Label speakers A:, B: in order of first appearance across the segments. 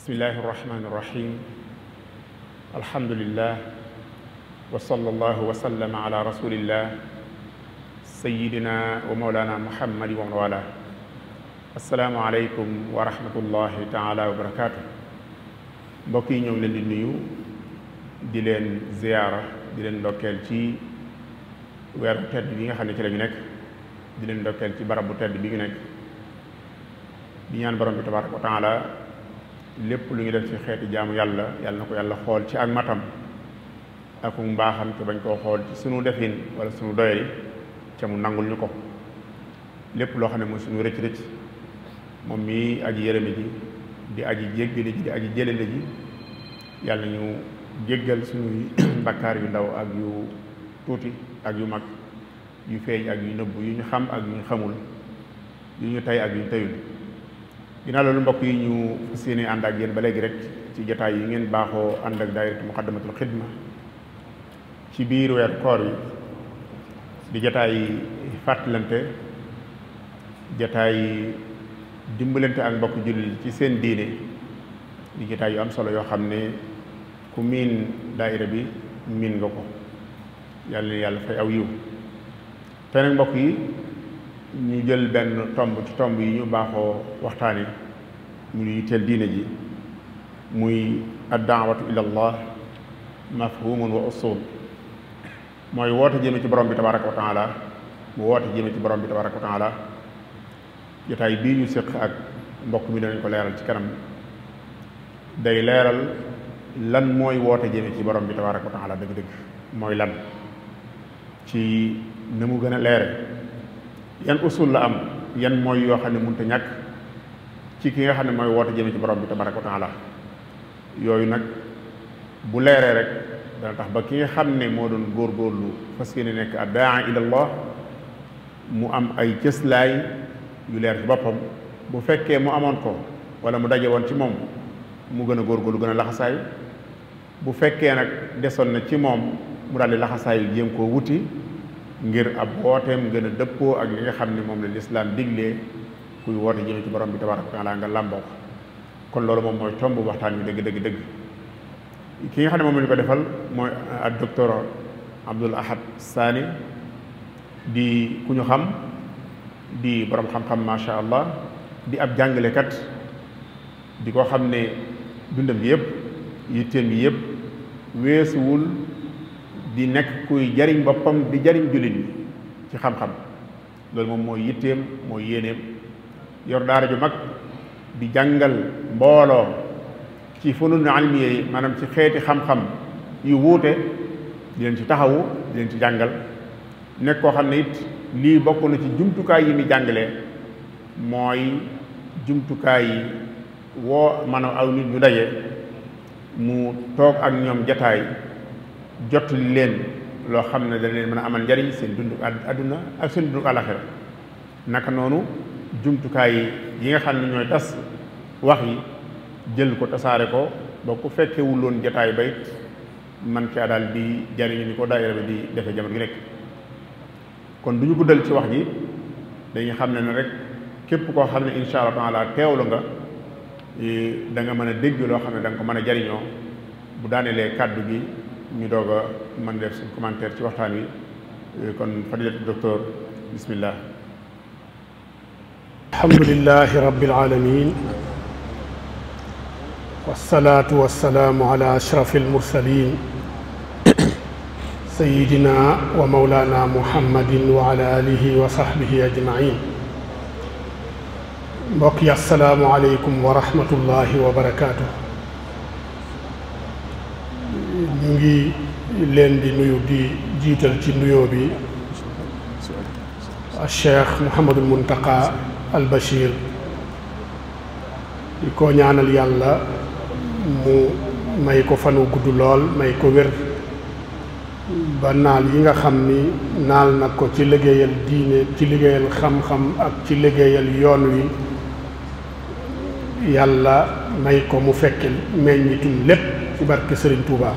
A: bismillahi irrahmani irrahim alhamdulillah wa sallallahu wa sallama ala rasulillah sayidina wa mawlana muhammadi wa wala assalaamu aleykum wa rahmatullahi taala wa barakaatu mbokk yi ñoo ngi leen di nuyu di leen ziyaara di leen ndokkeel ci weeru tedd bi nga xam ne ci lañu nekk di leen ndokkeel ci barab bu tedd bi ñu nekk di ñaan borom bi tabaraka wa taala lépp lu ñu def ci xeeti jaamu yàlla yàlla na ko yàlla xool ci ak matam ak mbaaxam te bañ koo xool ci sunu defin wala sunu doyari ca mu nangul ñu ko lépp loo xam ne mooy sunu rëcc rëcc moom mii aji yërëme ji di aji jéggale ji di aji jëlale ji yàlla ñu jéggal sunuy bakkaar yu ndaw ak yu tuuti ak yu mag yu feeñ ak yu nëbb yu ñu xam ak yu ñu xamul yu ñu tay ak yu ñu tayul ginnaaw loolu mbokk yi ñu seeni ànd ak yéen ba léegi rek ci jataay yi ngeen baaxoo ànd ak daayiratu muqaddamatul xidma ci biir weer koor yi di jotaay fàttalante jotaay dimbalante ak mbokk jullit ci seen diine di jotaay yu am solo yoo xam ne ku miin daayira bi miin nga ko yàlla na yàlla fay aw yiw te nag mbokk yi ñu jël benn tomb ci tomb yi ñu baaxoo waxtaane mu ñu yitteel diine ji muy addaawatu ila allah mafhumun wa usul mooy woote jëme ci borom bi tabaraka wa taala mu woote jëme ci borom bi tabaraka wa taala jotaay bii ñu séq ak mbokk mi danañ ko leeral ci kanam day leeral lan mooy woote jëme ci borom bi tabaraka wa taala dëgg-dëgg mooy lan ci na mu gën a leere yan usul la am yan mooy yoo xam ne mënut a ñàkk ci ki nga xam ne mooy woote jëme ci borom bi tabaraka wa taala yooyu nag bu leeree rek dana tax ba ki nga xam ne moo doon góor góorgóorlu fas yéene nekk ab daa ilallah mu am ay cëslaay yu leer ci boppam bu fekkee mu amoon ko wala mu daje woon ci moom mu gën a góorgóorlu gën a laxasaay bu fekkee nag desoon na ci moom mu daal di laxasaay jéem koo wuti ngir ab wooteem gën a dëppoo ak li nga xam ne moom la lislaam diglee kuy woote jëme ci boroom bi tabaraka wa taala nga làmboo ko kon loolu moom mooy tomb waxtaan bi dëgg dëgg dëgg ki nga xam ne moom la ñu ko defal mooy ak docteur Abdoul Ahad Sani di ku ñu xam di boroom xam-xam macha allah di ab jàngalekat di ko xam ne dundam bi yëpp yitteem bi yëpp weesuwul di nekk kuy jariñ boppam di jariñ jullit ñi ci xam-xam loolu moom mooy yitteem mooy yéeneem yor daara ju mag di jàngal mbooloo ci funun na yi maanaam ci xeeti xam-xam yu wuute di leen ci taxawu di leen ci jàngal nekk koo xam ne it lii bokk na ci jumtukaay yi muy jàngalee mooy jumtukaay yi woo maanaam aw nit ñu daje mu toog ak ñoom jataay jottali leen loo xam ne dana leen mën a amal njariñ seen dund dundu àdduna ak seen dundu àlaxira naka noonu jumtukaay yi nga xam ne ñooy tas wax yi jël ko tasaare ko ba ku fekkewul woon jataay bayit man caa daal di jariñu ni ko daayira bi di defe jamono gi nekk kon du ñu guddal ci wax ji dañuy xam ne ne rek képp koo xam ne incha allah taala teewlu nga eh, danga mën a dégg loo xam ne da ko mën a jariñoo bu daanelee kàddu gi ñu doog a mën def suñ commentaire ci waxtaan wi euh, kon fadilat docteur bismillah
B: alhamdulilahi rabbil alamin wasalaatu wasalaamu ala ashraf almursalin sayidina wa maulana muhammadin wa ala alihi wa sahbihi ajmain mbokk yi asalaamu aleykum wa rahmatullahi wa barakaatu ngi leen di nuyu di jiital ci nuyoo bi Cheikh Mouhamadul Muntaqa al Bachir di ko ñaanal yàlla mu may ko fanu gudd lool may ko wér ba naal yi nga xam ni naal na ko ci liggéeyal diine ci liggéeyal xam-xam ak ci liggéeyal yoon wi yàlla may ko mu fekk meññitum lépp ci Sëriñ Touba.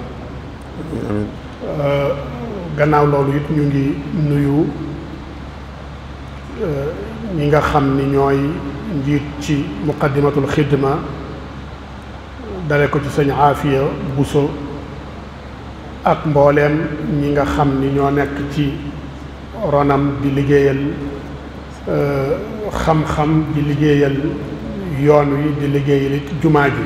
B: gannaaw loolu it ñu ngi nuyu eh, ñi nga xam ni ñooy njiit ci muqaddimatul xidma dale ko ci sëñ aafiya buso ak mbooleem ñi nga xam ni ñoo nekk ci ronam di liggéeyal eh, xam-xam di liggéeyal yoon wi di liggéeyal it jumaa ji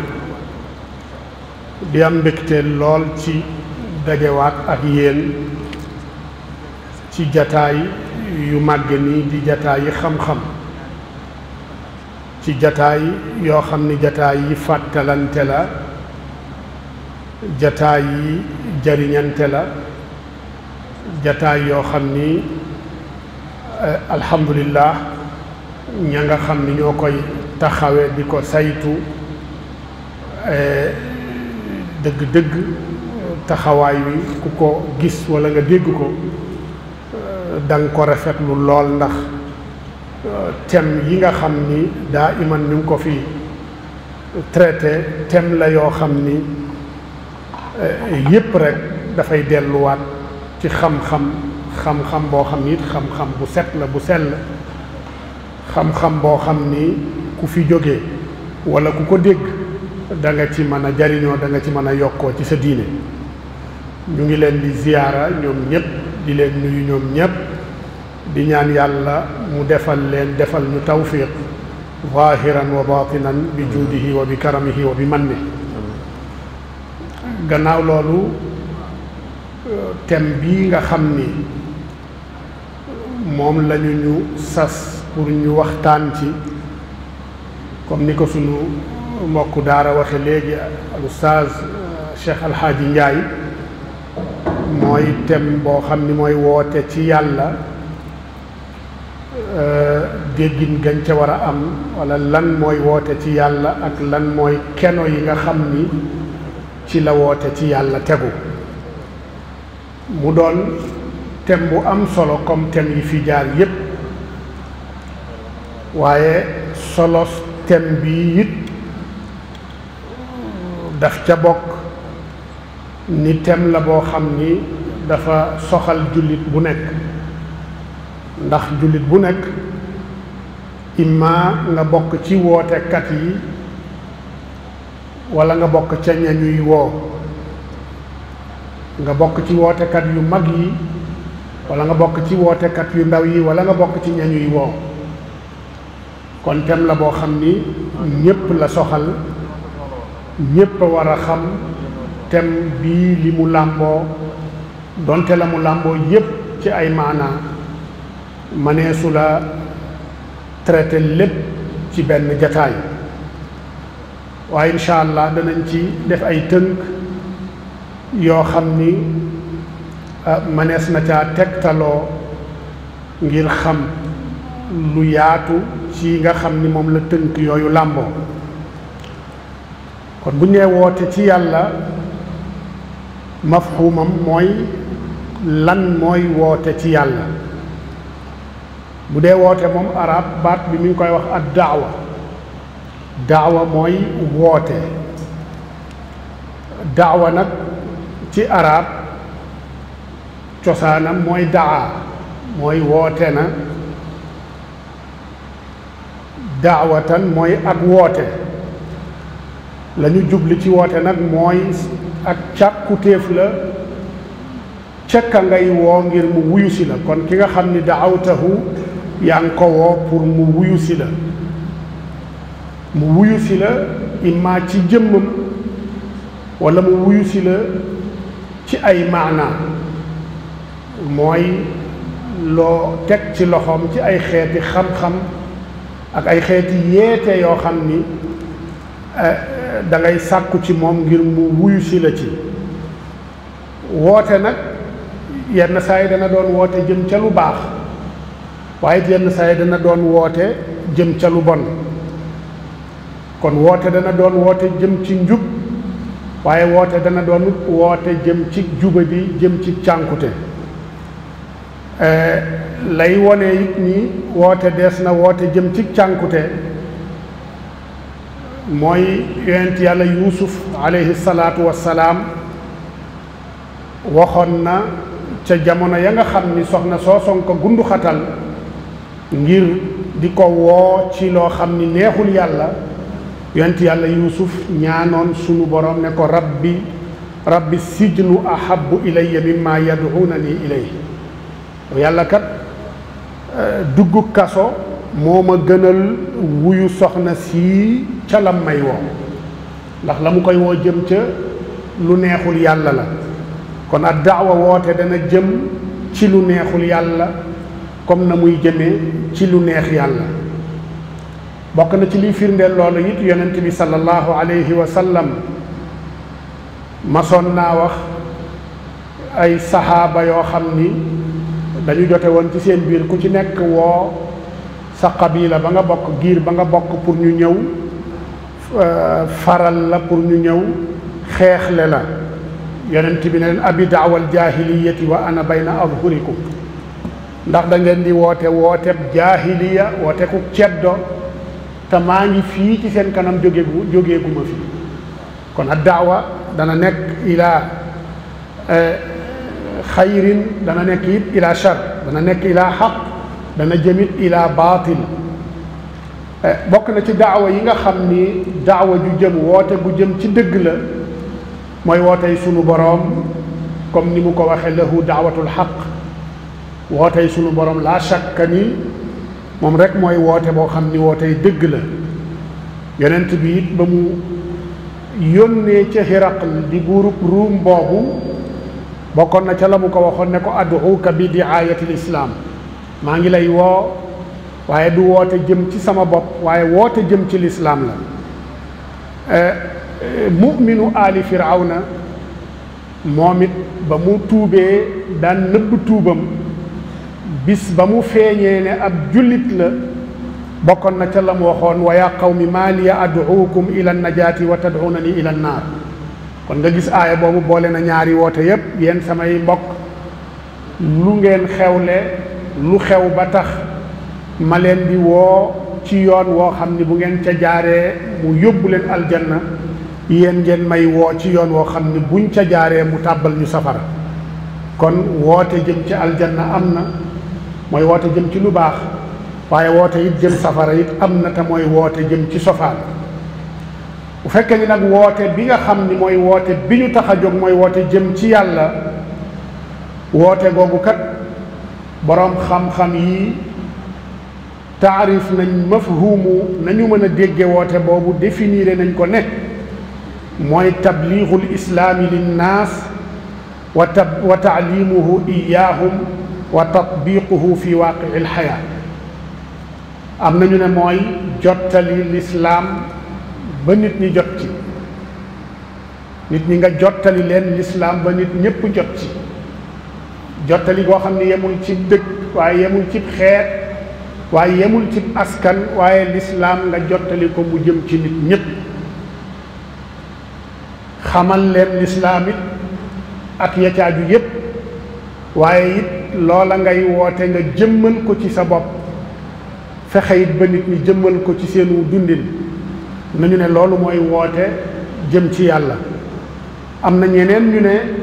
B: di am mbégte lool ci dajewaat ak yéen ci jataay yu màgg nii di jataay yi xam-xam ci jataay yoo xam ni jataay yi fàttalante la jataay yi jariñante la jataay yoo xam ni eh, alhamdulillah ña nga xam ni ñoo koy taxawe di ko saytu eh, dëgg-dëgg taxawaay wi ku ko gis walla nga dégg ko euh, da nga ko rafetlu lool ndax euh, thème yi nga xam ni daa iman ñu ngi ko fi traité thème la yoo xam ni euh, yépp rekk dafay delluwaat ci xam-xam xam-xam boo xam ni xam-xam bu set la bu sel xam-xam boo xam ni ku fi jógee walla ku ko dégg danga ci mën a jariñoo danga ci mën a yokkoo ci sa diine ñu ngi leen di ziyaara ñoom ñëpp di leen nuyu ñoom ñëpp di ñaan yàlla mu defal leen defal ñu tawfiq zahiran wa batinan bi juudihi wa bi karamihi wa bi manni gannaaw loolu thème bii nga xam ni moom lañu ñu sas pour ñu waxtaan ci comme ni ko sunu mbokku daara waxe léegi al ustaaz Cheikh Alhaaji Njaay mooy tem boo xam ni mooy woote ci yàlla euh, déggin gañ ca war a am walla lan mooy woote ci yàlla ak lan mooy keno yi nga xam ni ci la woote ci yàlla tegu mu doon tem bu am solo comme tem yi fi jaar yépp waaye solo tem bi it euh, daf ca bokk ni tem la boo xam ni dafa soxal jullit bu nekk ndax jullit bu nekk imma nga bokk ci wootekat yi walla nga bokk ca ñañuy woo nga bokk ci wootekat yu mag yi walla nga bokk ci wootekat yu ndaw yi walla nga bokk ci ñañuy woo kon tem la boo xam ni ñépp la soxal ñépp a war a xam thème bii li mu làmboo donte la mu làmboo yépp ci ay maanaa mëneesu la traité lépp ci benn jataay waaye incha allah danañ ci def ay tënk yoo xam ni ah, mënees na caa tegtaloo ngir xam lu yaatu ci nga xam ni moom la tënk yooyu làmboo kon bu ñu woote ci yàlla mafhumam mooy lan mooy woote ci yàlla bu dee woote moom arab baat bi mi ngi koy wax ak daawa daawa mooy woote daawa nag ci araab cosaanam mooy daa mooy woote na daawatan mooy ak woote la ñu jubli ci woote nag mooy ak càkkutéef la ca ka ngay woo ngir mu wuyusila kon ki nga xam ni daawtahu yaa ngi ko woo pour mu wuyu mu wuyu si la ci jëmmam walla mu wuyu ci ay maanaa mooy loo teg ci loxoom ci ay xeeti xam-xam ak ay xeeti yeete yoo xam ni eh, dangay sàkku ci moom ngir mu wuyu si ci woote nag yenn saa yi dana doon woote jëm ca lu baax waaye yenn saa yi dana doon woote jëm ca lu kon woote dana doon woote jëm ci njub waaye woote dana doon woote jëm ci jubadi jëm ci cànkute eh, lay wone it ni woote dees na woote jëm ci cànkute mooy yonent yàlla yuusuf aleyhi salaatu wassalaam waxoon na ca jamono ya nga xam ni soxna sooson ko gundu ngir di ko woo ci loo xam ni neexul yàlla yonent yàlla yuusuf ñaanoon sunu borom ne ko rabbi rabbi sijnu ahabu ilayya mimma yad'uunani ilayhi yàlla kat eh, dugg kaso moo ma gënal wuyu soxna sii ca lam may woo ndax lamu koy woo jëm ca lu neexul yàlla la kon ak daawa woote dana jëm ci lu neexul yàlla comme na muy jëmee ci lu neex yàlla bokk na ci liy firndeel loolu it yonent bi sallallahu alayhi wa sallam masoon naa wax ay saxaaba yoo xam ni dañu jote woon ci seen biir ku ci nekk woo sa xabila ba nga bokk giir ba nga bokk pour ñu ñëw euh, faral la pour ñu ñëw xeexle la yonent bi ne leen abi daawal jaahiliyati wa ana bayna adhurikum ndax da ngeen di woote wooteb jaahiliya wooteku ceddo te maa ngi fii ci seen kanam jógeegu jógeeguma fi kon a daawa dana nekk ilaa euh, xayrin dana nekk it ilaa shar dana nekk ilaa xaq dana jëmit ila baatil eh, bokk na ci daawa yi nga xam ni daawa ju jëm woote bu jëm ci dëgg la mooy wootey sunu boroom comme ni mu ko waxe lahu daawatul xaq wootey sunu borom laa shakka ni moom rek mooy woote boo xam ni woote dëgg la yonent bi it ba mu yónnee ca Hiraql di buurub ruum boobu bokkoon na ca la mu ko waxoon ne ko ad'uuka bi diaayatil islaam maa ngi lay woo waaye du woote jëm ci sama bopp waaye woote jëm ci lislaam la eh, mu'minu aali firawna moom it ba mu tuubee daan nëbb tuubam bis ba mu feeñee ne ab jullit la bokkoon na ca lam waxoon wa yaa qawmi maa liya ad'uukum ila najaati wa tad'uunani ila naar kon nga gis aaya boobu boole na ñaari woote yépp yéen samay mbokk lu ngeen xewle lu xew ba tax ma leen di woo ci yoon woo xam ni bu ngeen ca jaaree mu yóbbu leen aljanna yéen ngeen may woo ci yoon woo xam ni buñ ca jaaree mu tàbbal ñu safara kon woote jëm ci aljanna am na mooy woote jëm ci lu baax waaye woote it jëm safara yit am na te mooy woote jëm ci sofaan bu fekkee ni nag woote bi nga xam ni mooy woote bi ñu tax a jóg mooy woote jëm ci yàlla woote googu kat boroom xam-xam yi taarif nañ mafhumu nañu mën a dégge woote boobu définir nañ ko ne mooy tabliixul islaami linnaas wa tab wa taalimuhu iyaahum wa tatbiquhu fi waaqii lxayaa am nañu ne mooy jottali lislaam ba nit ñi jot nit ñi nga jottali leen lislaam ba nit ñépp jot jottali goo xam ne yemul ci dëkk waaye yemul ci xeet waaye yemul ci askan waaye lislaam nga jottali ko mu jëm ci nit ñépp xamal leen lislaam it ak yacaaju yépp waaye it loola ngay woote nga jëmmal ko ci sa bopp fexe it ba nit ñi jëmmal ko ci seenu dundin nañu ne loolu mooy woote jëm ci yàlla am na ñeneen ñu ne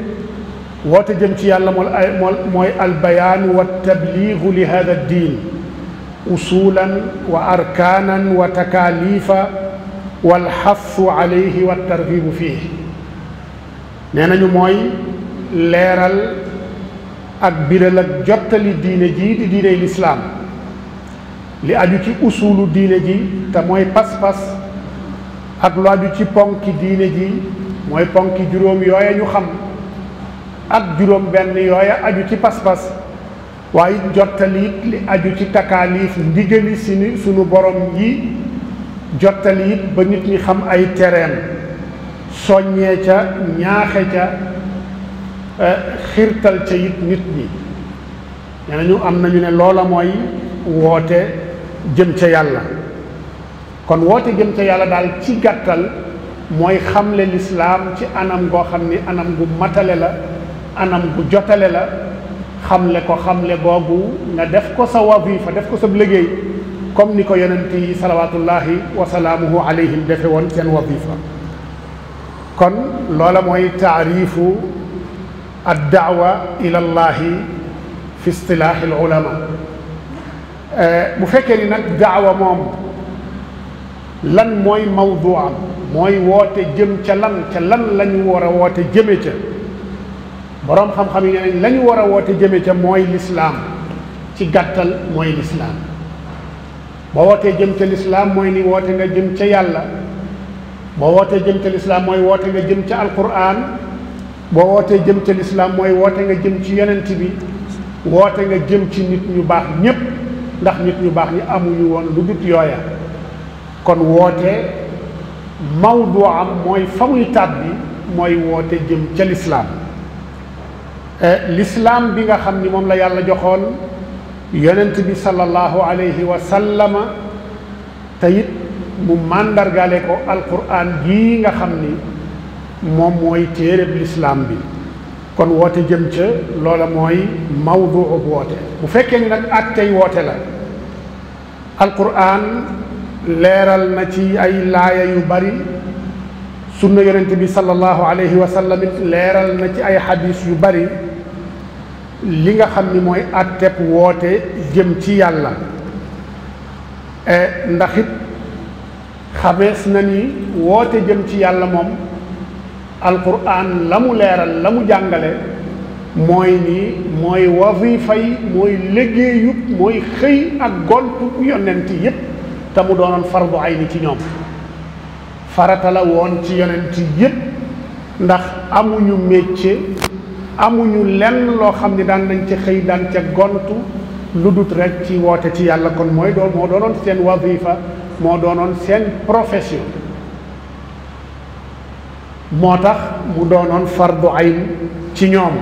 B: woote jëm ci yàlla mool mooy albayaanu wa tabliigu li hada diin usulan wa arkaanan wa takaalifa wal xassu alayhi wa targibu fiihi nee nañu mooy leeral ak biral ak jottali diine jii di diiney lislaam li aju ci usulu diine ji mooy paspas ak lu aju ci ponki diine ji mooy ponki juróom yooya ñu xam ak juróom benn yooya aju ci pas-pas waaye jottali it li aju ci takaaliif ndigali sini sunu borom yi jottali it ba nit ñi xam ay tereem soññee ca ñaaxe ca eh, xirtal ca it nit ñi nee nañu am nañu ne loola mooy woote jëm ca yàlla kon woote jëm ca yàlla daal ci gàttal mooy xamle lislaam ci anam goo xam ni anam gu matale la anam gu jotale la xamle ko xamle googu nga def ko sa wazifa def ko sa liggéey comme ni ko yonent yi salawaatullahi wa salaamuhu alayhim defe woon seen wazifa kon loola mooy taarifu ad daawa ila llahi fi istilaahi al ulama eh, bu fekkee ni nag daawa moom lan mooy mawduam mooy woote jëm ca lan ca lan lañu war a woote jëme ca boroom xam-xam yi nee nañ la war a woote jëme ca mooy lislaam ci gàttal mooy lislaam boo wootee jëm ca lislaam mooy ni woote nga jëm ca yàlla boo wootee jëm ca lislaam mooy woote nga jëm ca alquran boo wootee jëm ca lislaam mooy woote nga jëm ci yonent bi woote nga jëm ci nit ñu baax ñépp ndax nit ñu baax ñi amuñu woon lu dut yooya kon woote mawdu am mooy fa muy tàbbi mooy woote jëm ca lislaam Eh, lislaam bi nga xam ni moom la yàlla joxoon yonent bi sallallahu alayhi wa sallama te it mu màndargaale ko alquran ji nga xam ni moom mooy téereb lislaam bi kon woote jëm ca loola mooy mawduu woote bu fekkee ni nag attey woote la alquran leeral na ci ay laaya yu bari sunna yonent bi sallallahu alayhi wa sallam leeral na ci ay xadis yu bari li nga xam ni mooy àtteeb woote jëm ci yàlla e, ndax it xamees na ni woote jëm ci yàlla moom alquran la mu leeral la mu jàngale mooy nii mooy wazifay mooy liggéeyub mooy xëy ak gontu yonent yépp te mu doonoon fardu ayni ci ñoom farata la woon ci yonent yépp ndax amuñu métier amuñu lenn loo xam ne daan nañ ca xëy daan ca gontu lu dut rek ci woote ci yàlla kon mooy doon moo doonoon seen wazifa moo doonoon seen profession moo tax mu doonoon fardu ayn ci ñoom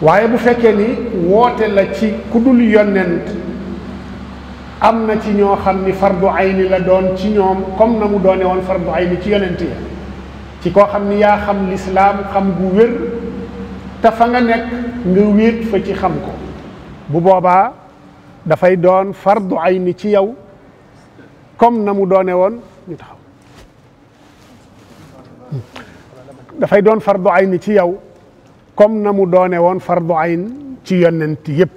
B: waaye bu fekkee ni woote la ci ku dul yonent am na ci ñoo xam ni fardu ayni la doon ci ñoom comme na mu doone woon fardu ayni ci yonent ya ci koo xam ni yaa xam lislaam xam gu wér te fa nga nekk nga wéet fa ci xam ko bu boobaa dafay doon fardu ayni ci yow comme na mu doone woon ñu taxaw dafay doon fardu ayni ci yow comme na mu doone woon fardu ayn ci yonent yépp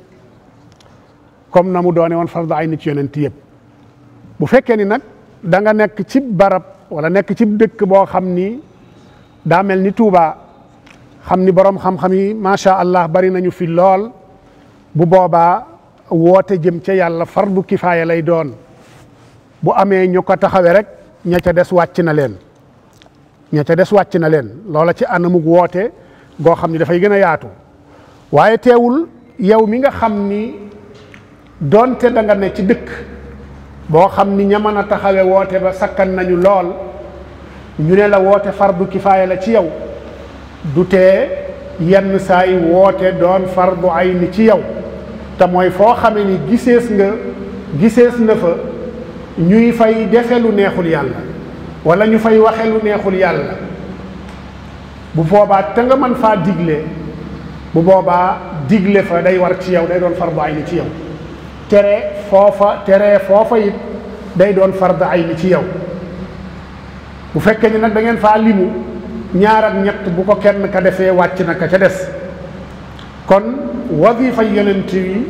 B: comme na mu doone woon fardu ayni ci yonent yëpp bu fekkee ni nag da nga nekk ci barab wala nekk ci dëkk boo xam ni daa mel ni Tuubaa xam ni boroom xam-xam yi macha allah bari nañu fi lool bu boobaa woote jëm ca yàlla fardu kifaaya lay doon bu amee ñu ko taxawe rek ña ca des wàcc na leen ña ca des wàcc na leen loola ci anamug woote goo xam ni dafay gën a yaatu waaye teewul yow nga xam ni doonte da nga ne ci dëkk boo xam ni ña mën a taxawe woote ba sakkan nañu lool ñu ne la woote far fardu kifaaya la ci yow du tee yenn saay woote doon fardu ayni ci yow te mooy foo xame ni gisees nga gisees na fa ñuy fay defe lu neexul yàlla wala ñu fay waxe lu neexul yàlla bu boobaa te nga mën faa digle bu boobaa digle fa day war ci yow day doon fardu ayni ci yow tere foofa tere foofa it day doon fard ay ni ci yow bu fekkee ni nag da ngeen faa limu ñaar ak ñett bu ko kenn ka defee wàcc na ka ca des kon wazifa yonent yi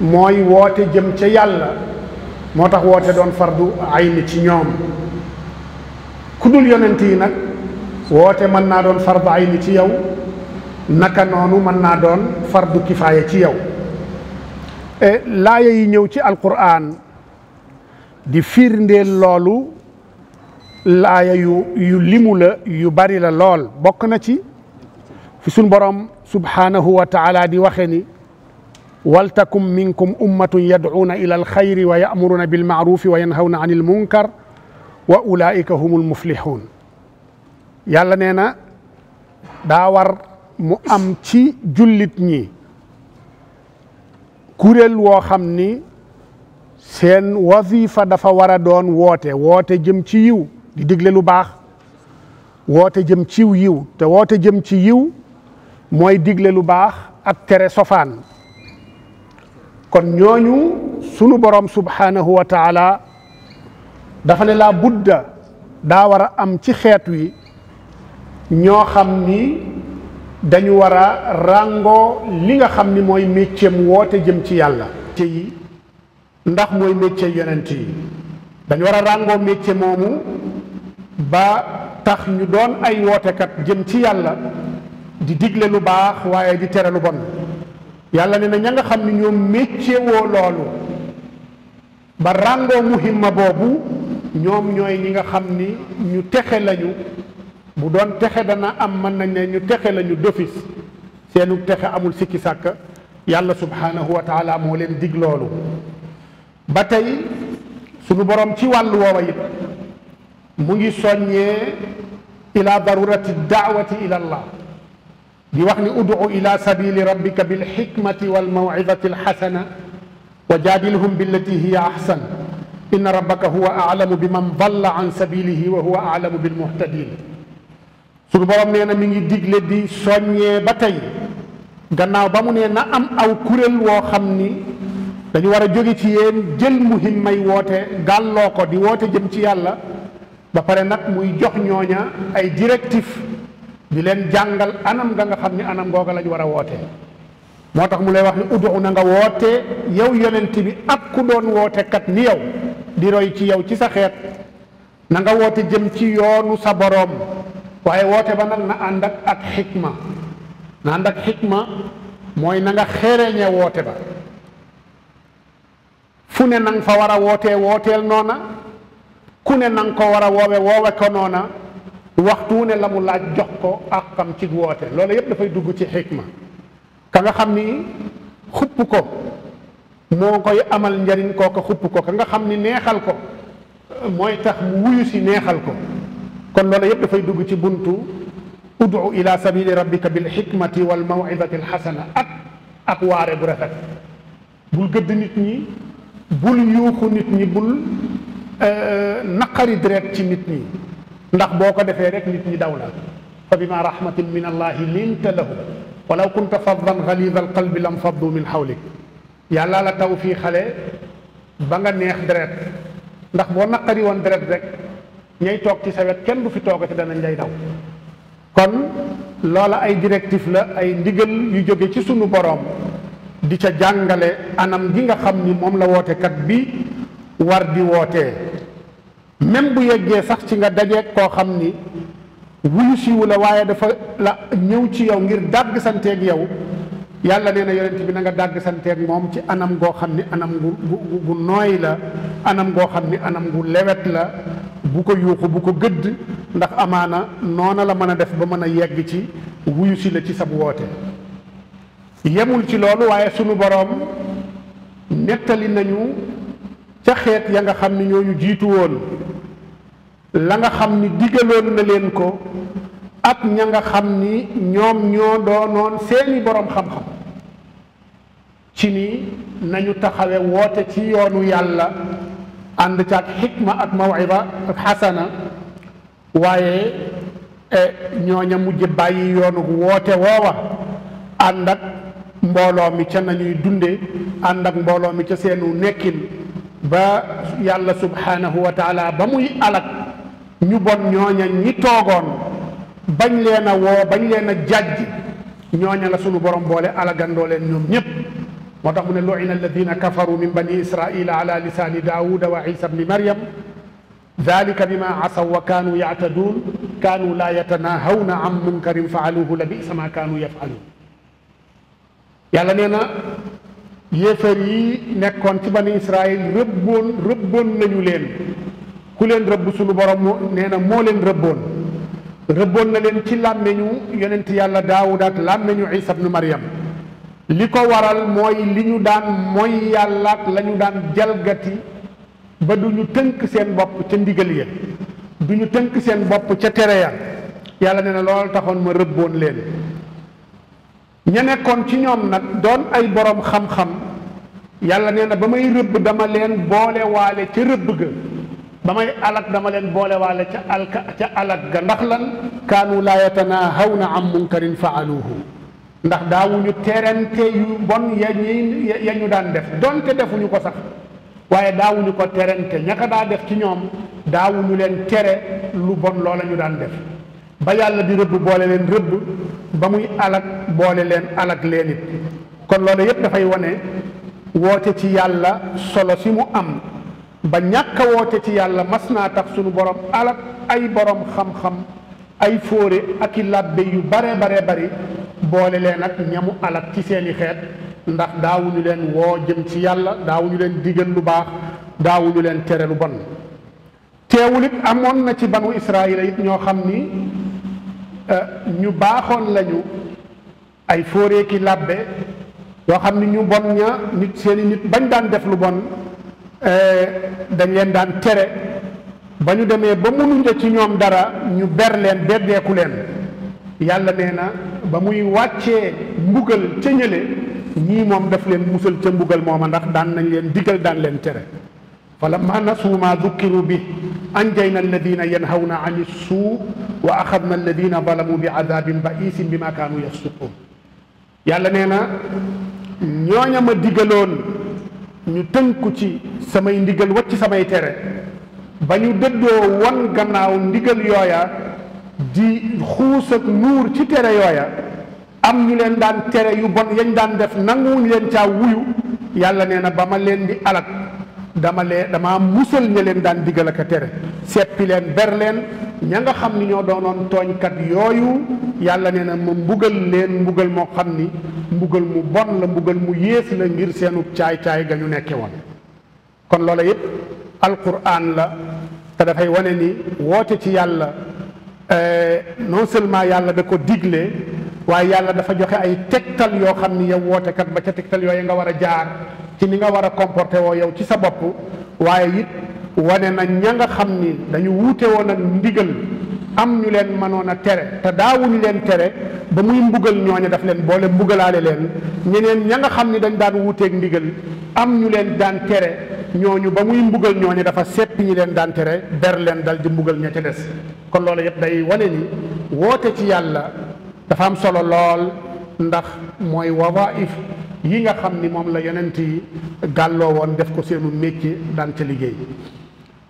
B: mooy woote jëm ca yàlla moo tax woote doon fardu ay ni ci ñoom ku dul yi nag woote mën naa doon fardu ay ni ci yow naka noonu mën naa doon fardu kifaaya ci yow Eh, laaya yi ñëw ci alquran di firndeel loolu laaya yu yu yu bari la lool bokk na ci fi suñ borom subhaanahu wa taala di waxe ni waltakum minkum ummatun yadcuuna ila alxayri wa yaamuruuna bilmaarufi wa yanhawna an ilmunkar wa ulaika humul muflixuun yàlla nee na daa mu am ci jullit ñi kuréel woo xam ni seen wazifa dafa war a doon woote woote jëm ci yiw di digle lu baax woote jëm ci yiw te woote jëm ci yiw mooy digle lu baax ak tere sofaan kon ñooñu sunu borom subhanahu wa dafa ne laa budda daa war a am ci xeet wi ñoo xam ni dañu war a ràngoo li nga xam ni mooy métier mu woote jëm ci yàlla te yi ndax mooy métier yonent yi dañu war a ràngoo métier moomu ba tax ñu doon ay wootekat jëm ci yàlla di digle lu baax waaye di tere lu bon yàlla ne na ña nga xam ni ñoom métier woo loolu ba ràngoo muhimma boobu ñoom ñooy ñi nga xam ni ñu texe lañu bu doon texe dana am man nañ ne ñu texe la ñu d'office seenu texe amul sikki sàkk yàlla subhaanahu wa taala moo leen dig loolu ba tey suñu boroom ci wàllu woowa it mu ngi soññee ila darurati daawati ila allah di wax ni udu ila sabili rabbika bilxikmati walmawidati alxasana wa jaadilhum billati hiya ahsan inna rabbaka huwa aalamu biman dalla an sabilihi wa huwa aalamu bilmuhtadin sunu borom nee na mu ngi digle di soññee ba tey gannaaw ba mu nee na am aw kuréel woo xam ni dañu war a jóge ci yéen jël may woote gàlloo ko di woote jëm ci yàlla ba pare nag muy jox ñooña ay directif di leen jàngal anam nga nga xam ni anam googa lañu war a woote moo tax mu lay wax ne udu na nga woote yow yonent bi ak ku doon woote kat ni yow di roy ci yow ci sa xeet na nga woote jëm ci yoonu sa boroom waaye woote ba nag na ànd ak ak xikma na ànd ak xikma mooy na nga xereñe woote ba fu ne nang fa war a woote wooteel noona ku ne nang ko war a woowe woowe ko noona waxtu ne la mu laaj jox ko kam ci woote loolu yépp dafay dugg ci xikma ka nga xam ni xupp ko moo koy amal njariñ kooka xupp ko ka nga xam ni neexal ko mooy tax mu wuyu si neexal ko kon loolu yëpp dafay dugg ci buntu udu ila sabili rabbika bil xikmati wal mawidati alxasana ak ak waare bu rafet bul gëdd nit ñi bul yuuxu nit ñi bul euh, naqari deret ci nit ñi ndax boo ko defee rek nit ñi daw la fa bima rahmatin min allahi linta lahu walaw kunta faddan galida alqalbi lam faddu min xawlik yàlla la taw fii xale ba nga neex deret ndax boo naqari woon deret rek ñay toog ci sa wet kenn du fi toogati danañ lay daw kon loola ay directive la ay ndigal yu jóge ci sunu boroom di ca jàngale anam gi nga xam ni moom la wootekat bi war di wootee même bu yeggee sax ci nga dajeeg koo xam ni wuyu la waaye dafa la ñëw ci yow ngir dàgg santeeg yow yàlla nee na yonent bi na nga dàgg santeeg moom ci anam goo xam ni anam gu gu gu nooy la anam goo xam ni anam gu lewet la bu ko yuuxu bu ko gëdd ndax amaana noona la mën a def ba mën a yegg ci wuyu si la ci sab woote yemul ci loolu waaye sunu boroom nettali nañu ca xeet ya nga xam ni ñooñu jiitu woon la nga xam ni digaloon na leen ko ak ña nga xam ni ñoom ñoo doonoon seeni boroom xam-xam ci ni nañu taxawe woote ci yoonu yàlla ànd caag xikma ak mawida ak xasana waaye e, ñooña mujj bàyyi yoonu woote woowa ànd ak mbooloo mi ca nañuy dunde ànd ak mbooloo mi ca seenu nekkin ba yàlla subhaanahu wa taala ba muy alak ñu bon ñooña ñi toogoon bañ leen a woo bañ leen a jàjj ñooña la sunu borom boole alagandoole ñoom ñépp moo tax mu ne lu'ina alladina kafaru min bani israila ala lisani daawuda wa isa bni maryam dalika bima asaw wa kaanu yaataduun kaanu laa yatanahawna an munkarin faaluhu la ma kaanu yafaluun yàlla nee na yéefar yi nekkoon ci bani israil rëbboon rëbboon nañu leen ku leen rëbb sunu borom nee na moo leen rëbboon rëbboon na leen ci làmmeñu yonent yàlla daawud ak làmmeñu isa bnu maryam li ko waral mooy li ñu daan mooy yàlla lañu daan jalgati ba du ñu tënk seen bopp ca ndigal ya du ñu tënk seen bopp ca tere ya yàlla nee na loolu taxoon ma rëbboon leen ña nekkoon ci ñoom nag doon ay boroom xam-xam yàlla nee na ba may rëbb dama leen boole waale ca rëbb ga ba may alak dama leen boole waale ca alka ca alak ga ndax lan kaanu laa yatanahawna an munkarin faaluuhu ndax daawuñu terante yu bon ya ñuy daan def donte defuñu ko sax waaye daawuñu ko terante ñaka daa def ci ñoom daawuñu leen tere lu bon loola ñu daan def ba yàlla di rëbb boole leen rëbb ba muy alag boole leen alag leen kon loola yépp dafay wane woote ci yàlla solo si mu am ba ñàkk woote ci yàlla mas naa tax sunu borom alag ay borom xam-xam ay fóore ak i làbbe yu bare bare bari boole leen ak ñamu alak ci seeni xeet ndax daawuñu leen woo jëm ci yàlla daawuñu leen digal lu baax daawuñu leen tere lu bon teewul it amoon na ci banu Israayila it ñoo xam ni euh, ñu baaxoon lañu ay fóoreeki làbbe yoo xam ni ñu bon ña nit seeni nit bañ daan def lu bon euh, dañ leen daan tere ba ñu demee ba mënuñu ci ñoom dara ñu ber leen beddeeku leen yàlla nee na ba muy wàccee mbugal ca ñële ñii moom def leen musal ca mbugal mooma ndax daan nañ leen digal daan leen tere fa lamma nasuu maa dukkiru bi anjayna alladina yanhawna an issuu wa axadna alladina zalamu bi adabin baisin bi ma kaanu yafsuqun yàlla nee na ñooña ma digaloon ñu tënku ci samay ndigal wacc samay tere ba ñu dëddoo won gannaaw ndigal yooya di xuus ak nuur ci tere yooya am ñu leen daan tere yu bon yañ daan def nanguwuñ leen caa wuyu yàlla nee na ba ma leen di alak dama lee dama musal ña leen daan digal ak tere seppi leen ber leen ña nga xam ni ñoo doonoon tooñkat yooyu yàlla nee na ma mbugal leen mbugal moo xam ni mbugal mu bon la mbugal mu yées la ngir seenu caay-caay ga ñu nekkee woon kon loola yépp alquran la te dafay wane ni woote ci yàlla Euh, non seulement yàlla da ko digle waaye yàlla dafa joxe ay tegtal yoo xam ni yow wootekat ba ca tegtal yooyu nga war a jaar ci ni nga war a comporté woo yow ci sa bopp waaye it wane na ña nga xam ni dañu wuute woon ak ndigal am ñu leen mënoon a tere te daawuñu leen tere ba muy mbugal ñooñu daf leen boole mbugalaale leen ñeneen ña nga xam ni dañ daan wuuteeg ndigal am ñu leen daan tere ñooñu ba muy mbugal ñooñu dafa seppi ñi leen daan tere ber leen dal di mbugal ña ca des kon loolu yëpp day wane ni woote ci yàlla dafa am solo lool ndax mooy wawaif yi nga xam ni moom la yonent yi gàlloo woon def ko seenu métier daan ca liggéey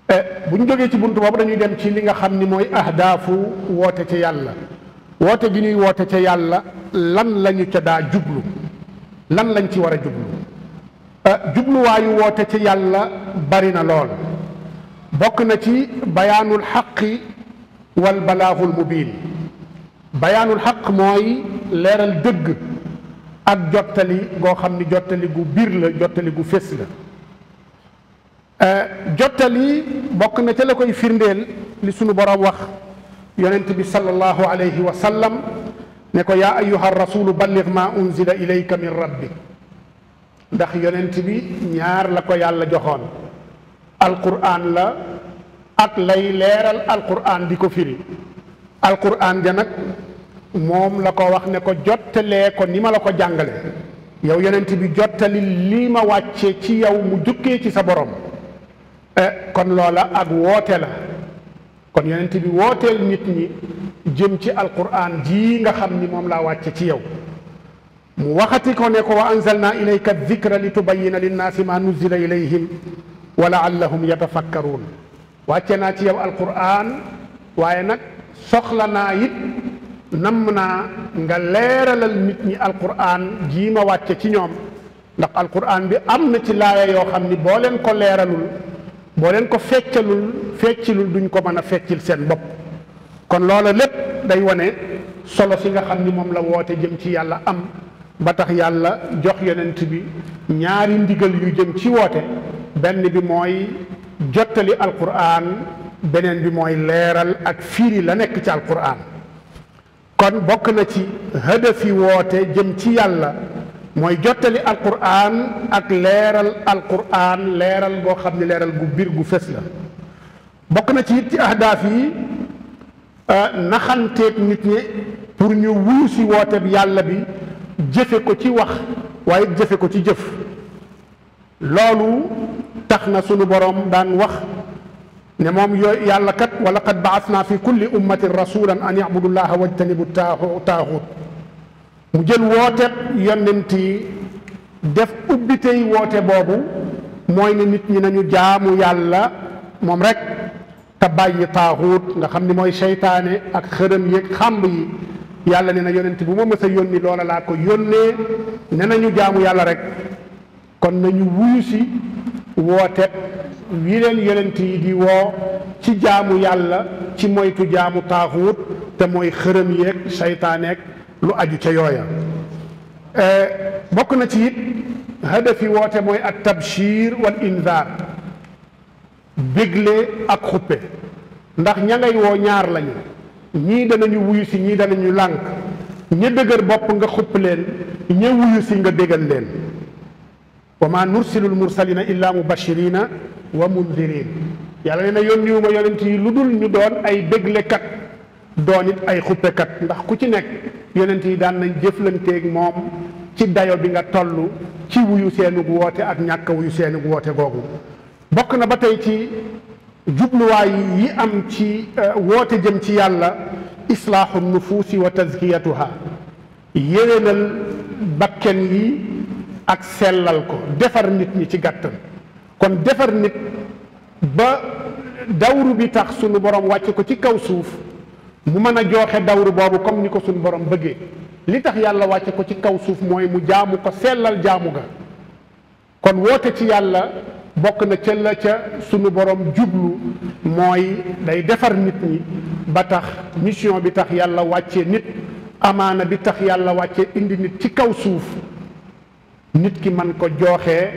B: Eh, bu ñu jógee ci bunt boobu dañuy dem ci li nga xam ni mooy ahdaafu woote ca yàlla woote gi ñuy woote ci yàlla lan lañu ca daa jublu lan lañ ci war a jublu eh, jubluwaayu woote ca yàlla bari na lool bokk na ci bayaanul xaqi wal balaaxul mubiin bayaanul xaq mooy leeral dëgg ak jottali goo xam ni jottali gu biir la jottali gu fés la Euh, jottali bokk na ca la koy firndeel li suñu borom wax yonent bi sallallahu alayhi wa sallam ne ko yaa ayyuha rasulu balligh ma unzila ilayka min rabbik ndax yonent bi ñaar la ko yàlla joxoon alquran la ak lay leeral alquran di ko firi alquran ja nag moom la ko wax ne ko jottalee ko ni ma la ko jàngale yow yonent bi jottali lii ma wàccee ci yow mu jukkee ci sa borom Eh, kon loola ak woote la kon yonent bi wooteel nit ñi jëm ci alquran jii nga xam ni moom laa wàcce ci yow mu waxati ko ne ko wa anzalna ilayka dikra li tubayina linnaasi ma nuzila ilayhim wa laallahum yatafakkaruun wàcce naa ci yow alquran waaye nag soxla naa it namm naa nga leeralal nit ñi alquran jii ma wàcce ci ñoom ndax alquran bi am na ci laaya yoo xam ni boo leen ko leeralul boo leen ko feccalul feccilul duñ ko mën a feccil seen bopp kon loola lépp day wane solo si nga xam ni moom la woote jëm ci yàlla am ba tax yàlla jox yonent bi ñaari ndigal yu jëm ci woote benn bi mooy jottali alquran beneen bi mooy leeral ak fiiri la nekk ci alquran kon bokk na ci hëdëfi woote jëm ci yàlla mooy jottali alquran ak leeral alquran leeral boo xam ne leeral gu biir gu fes la bokk na ci it ci ahdaaf yi euh, naxanteeg nit ñi pour ñu wuyu si wooteeb yàlla bi jëfe ko ci wax waaye jëfe ko ci jëf loolu tax na sunu boroom daan wax ne moom yooyu yàlla kat wala qad baas naa fi kulli ummatin rasulan an yabudu llaha wajtanibu taaxut mu jël woote yonent yi def ubbitey woote boobu mooy na nit ñi nañu jaamu yàlla moom rek te bàyyi taaxuut nga xam ni mooy seytaane ak xërëm yeeg xàmb yi yàlla ne na yonent bu ma mës a yónni loola laa ko yónnee ne nañu jaamu yàlla rek kon nañu wuyu si woote wi leen yonent yi di woo ci jaamu yàlla ci moytu jaamu taaxuut te mooy xërëm yeeg seytaaneeg lu aju ca yooya eh, bokk na ci it hadafi woote mooy ak tabshir wal inzaar bégle ak xuppe ndax ña woo ñaar lañu ñii danañu wuyu si ñii dana danañu lànk ña dëgër bopp nga xupp leen ña wuyu si nga bégal leen wa maa nursilu lmursalina illa mubashirina wa mundirin yàlla nee na yónniwu ma yonent yi lu dul ñu doon ay béglekat doon it ay xuppekat ndax ku ci nekk yonent yi daan nañ jëflanteeg moom ci dayo bi nga tollu ci wuyu seenug woote ak ñàkk wuyu seenug woote boobu bokk na ba tey ci jubluwaay yi am ci euh, woote jëm ci yàlla islaahu nufuusi wa tazkiyatuha yéwénal bakken yi ak sellal ko defar nit ñi ci gàttal kon defar nit ba dawru bi tax sunu borom wàcc ko ci kaw suuf mu mën a jooxe dawru boobu comme ni ko suñu borom bëggee li tax yàlla wàcce ko ci kaw suuf mooy mu jaamu ko sellal jaamu ga kon woote ci yàlla bokk na ca ca suñu borom jublu mooy day defar nit ñi ba tax mission bi tax yàlla wàcce nit amaana bi tax yàlla wàcce indi nit ci kaw suuf nit ki man ko jooxee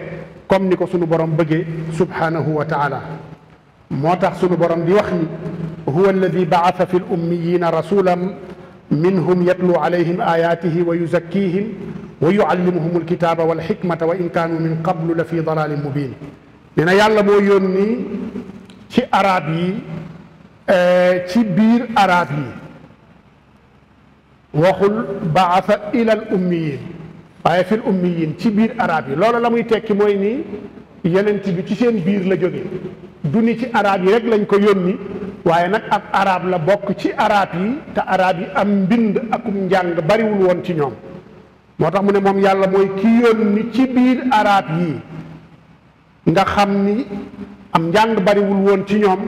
B: comme ni ko suñu borom bëggee subhanahu wa taala moo tax sunu borom di wax ni huwa alladi baasa fi lummiyina rasulan minhum yatlu alayhim ayaatihi wa yuzakkihim wa yuallimuhum alkitaaba walxikmata wa in kaanu min qablu la fi dalalin mubin nee na yàlla moo yónni ci arab yi eh, ci biir arab yi waxul baasa ila al ummiyin waaye fi l ummiyin ci biir arab yi loolu la muy tekki mooy nii yonent bi ci seen biir la jóge du ni ci arab yi rek lañ ko yónni waaye nag ab araab la bokk ci arab yi te arab yi am mbind ak um njàng bariwul woon ci ñoom moo tax mu ne moom yàlla mooy ki yónni ci biir arab yi nga xam ni am njàng bariwul woon ci ñoom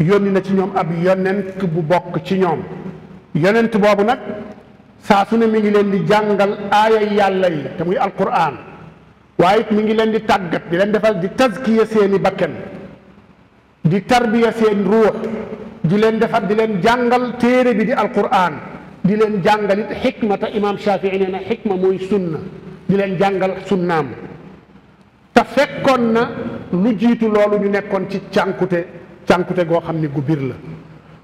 B: yónni na ci ñoom ab yonent bu bokk ci ñoom yonent boobu nag saa su ne mi ngi leen di jàngal aaya yàlla yi te muy alquran waaye mu ngi leen di tàggat di leen defal di tazkiya seeni bakken di tarbiya seen ruux di leen defar di leen jàngal téere bi di al alquran di leen jàngal it xikmata imam shafii nee na xikma mooy sunna di leen jàngal sunnaam te fekkoon na lu jiitu loolu ñu nekkoon ci cànkute cànkute goo xam ne gu bir la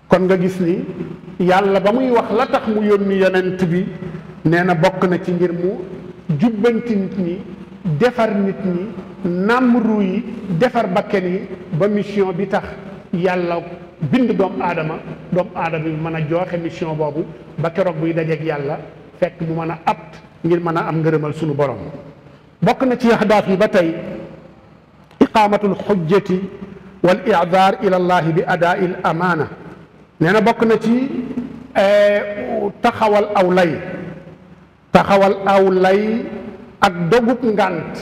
B: kon nga gis ni yàlla ba muy wax la tax mu yónni yonent bi nee na bokk na ci ngir mu jubbanti nit ñi defar nit ñi nàmm ruu yi defar bakken yi ba mission bi tax yàlla bind doomu aadama doomu aadama bi mën a jooxe mission boobu ba keroog buy dajeeg yàlla fekk mu mën a at ngir mën a am ngërëmal sunu borom bokk na ci ahdaaf yi ba tey iqaamatul xujjati wal i'daar ila llahi bi adaa'il amaana nee na bokk na ci eh, taxawal aw lay taxawal aw lay ak dogub ngànt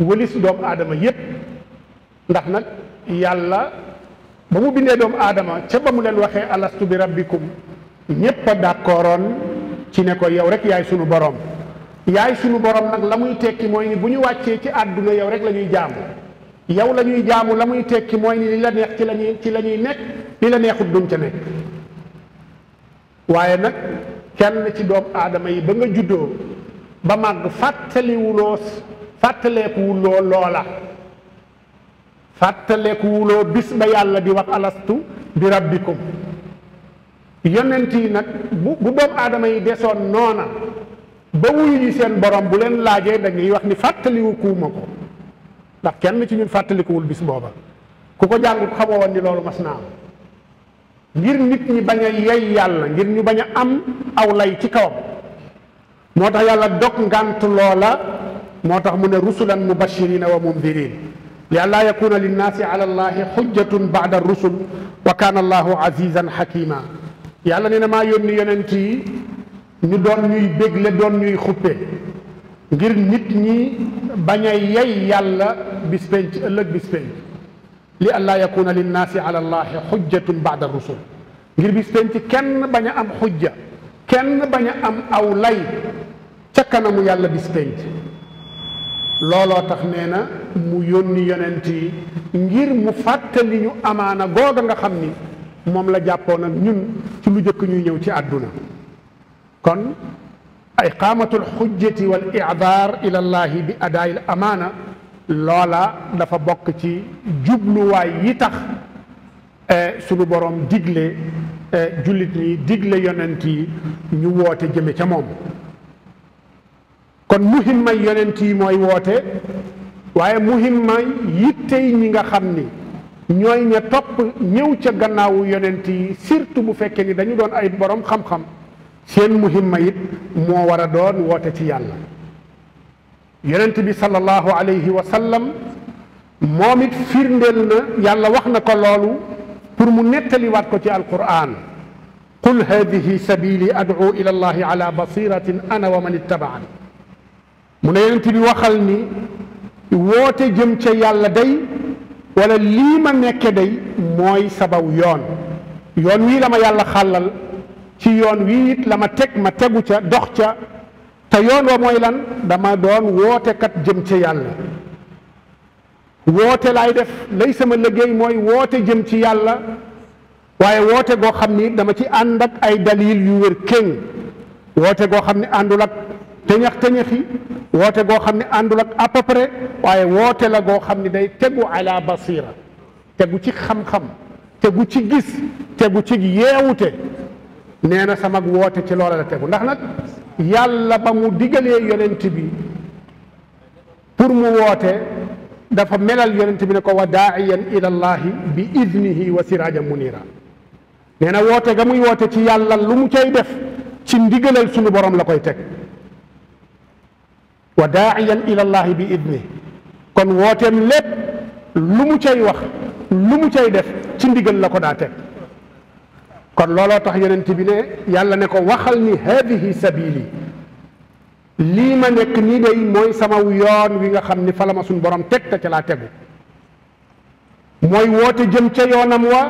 B: wëlis doomu aadama yépp ndax nag yàlla ba mu bindee doomu aadama ca ba mu leen waxee alastu bi rabbikum ñépp a d'accordoon ci ne ko yow rek yaay sunu boroom yaay sunu boroom nag la muy tekki mooy ni bu ñu wàccee ci àdduna yow rek la ñuy jaamu yow la ñuy jaamu la muy tekki mooy ni li la neex ci lañuy ci lañuy ñuy nekk li la neexut duñ ca nekk waaye nag kenn ci doomu aadama yi ba nga juddoo ba màgg fàttaliwuloo fàttaleekuwuloo loola fàttaleekuwuloo bis ba yàlla di wax alastu bi rabbikum yonent nag bu bu doomu aadama yi desoon noona ba wuyu yi seen borom bu leen laajee da ngay wax ni fàttalikuwuma ko ndax kenn ci ñun fàttalikuwul bis booba ku ko jàngut xamoo woon ni loolu mas naa am ngir nit ñi bañ a yey yàlla ngir ñu bañ a am aw lay ci kawam moo tax yàlla dog ngànt loola moo tax mu ne rusulan mubashirina wa mundirin li an laa yakuna linnaasi ala allahi xujjatun baada rusul wa kaana allahu azizan xakima yàlla nee na maa yónni yonent yi ñu doon ñuy bégle doon ñuy xuppe ngir nit ñi bañ a yey yàlla bis penc ëllëg li an laa yakuna linnaasi ala allahi xujjatun baada rusul ngir bis penc kenn bañ a am xujja kenn bañ am aw lay ca kanamu yàlla bis looloo tax nee na mu yónni yonent yi ngir mu fàttali amaana googa nga xam ni moom la jàppoo ak ñun ci lu jëkk ñuy ñëw ci àdduna kon iqaamatul xujjati wal i'daar ila llahi bi adaayil amaana loola dafa bokk ci jubluwaay yi tax eh, sunu borom digle Eh, jullit ñi digle yonent yi ñu woote jëme ca moom kon muhimmay yonent yi mooy woote waaye muhimmay yittey ñi nga xam ni ñooy ña topp ñëw ca gannaawu yonent yi surtout bu fekkee ni dañu doon ay borom xam-xam seen muhimma it moo war a doon woote ci yàlla yonent bi sallallahu alayhi wa sallam firndeel na yàlla wax na ko loolu pour mu nettaliwaat ko ci alquran qul hadihi sabili ad'u ila allahi ala basiratin ana wa man ittaba'ani mu ne yonent bi waxal ni woote jëm ca yàlla day wala lii ma nekke day mooy sabaw yoon yoon wii la ma yàlla xàllal ci yoon wii it la ma teg ma tegu ca dox ca te yoon wa mooy lan dama doon wootekat jëm ca yàlla woote laay def lay sama liggéey mooy woote jëm ci yàlla waaye woote goo xam ni dama ci ànd ak ay dalil yu wér kéng woote goo xam ne àndul ak teñax teñaxi woote goo xam ne àndul ak à peu waaye woote la goo xam ni day tegu ala basira tegu ci xam-xam tegu ci gis tegu ci yeewute nee na sama woote ci loola la tegu ndax nag yàlla ba mu digalee yonent bi pour mu woote dafa melal yonent bi ne ko wa daaiyan ilallahi bi idnihi wa siraajan munira nee na woote ga muy woote ci yàlla lu mu cay def ci ndigalal suñu borom la koy teg wa daaiyan ilallahi bi idnihi kon wooteem lépp lu mu cay wax lu mu cay def ci ndigal la ko daa teg kon looloo tax yonent bi ne yàlla ne ko waxal ni hadihi sabili lii ma nekk nii day mooy sama yoon wi nga xam ni fa la ma suñ borom teg te ca laa tegu mooy woote jëm ca yoonam wa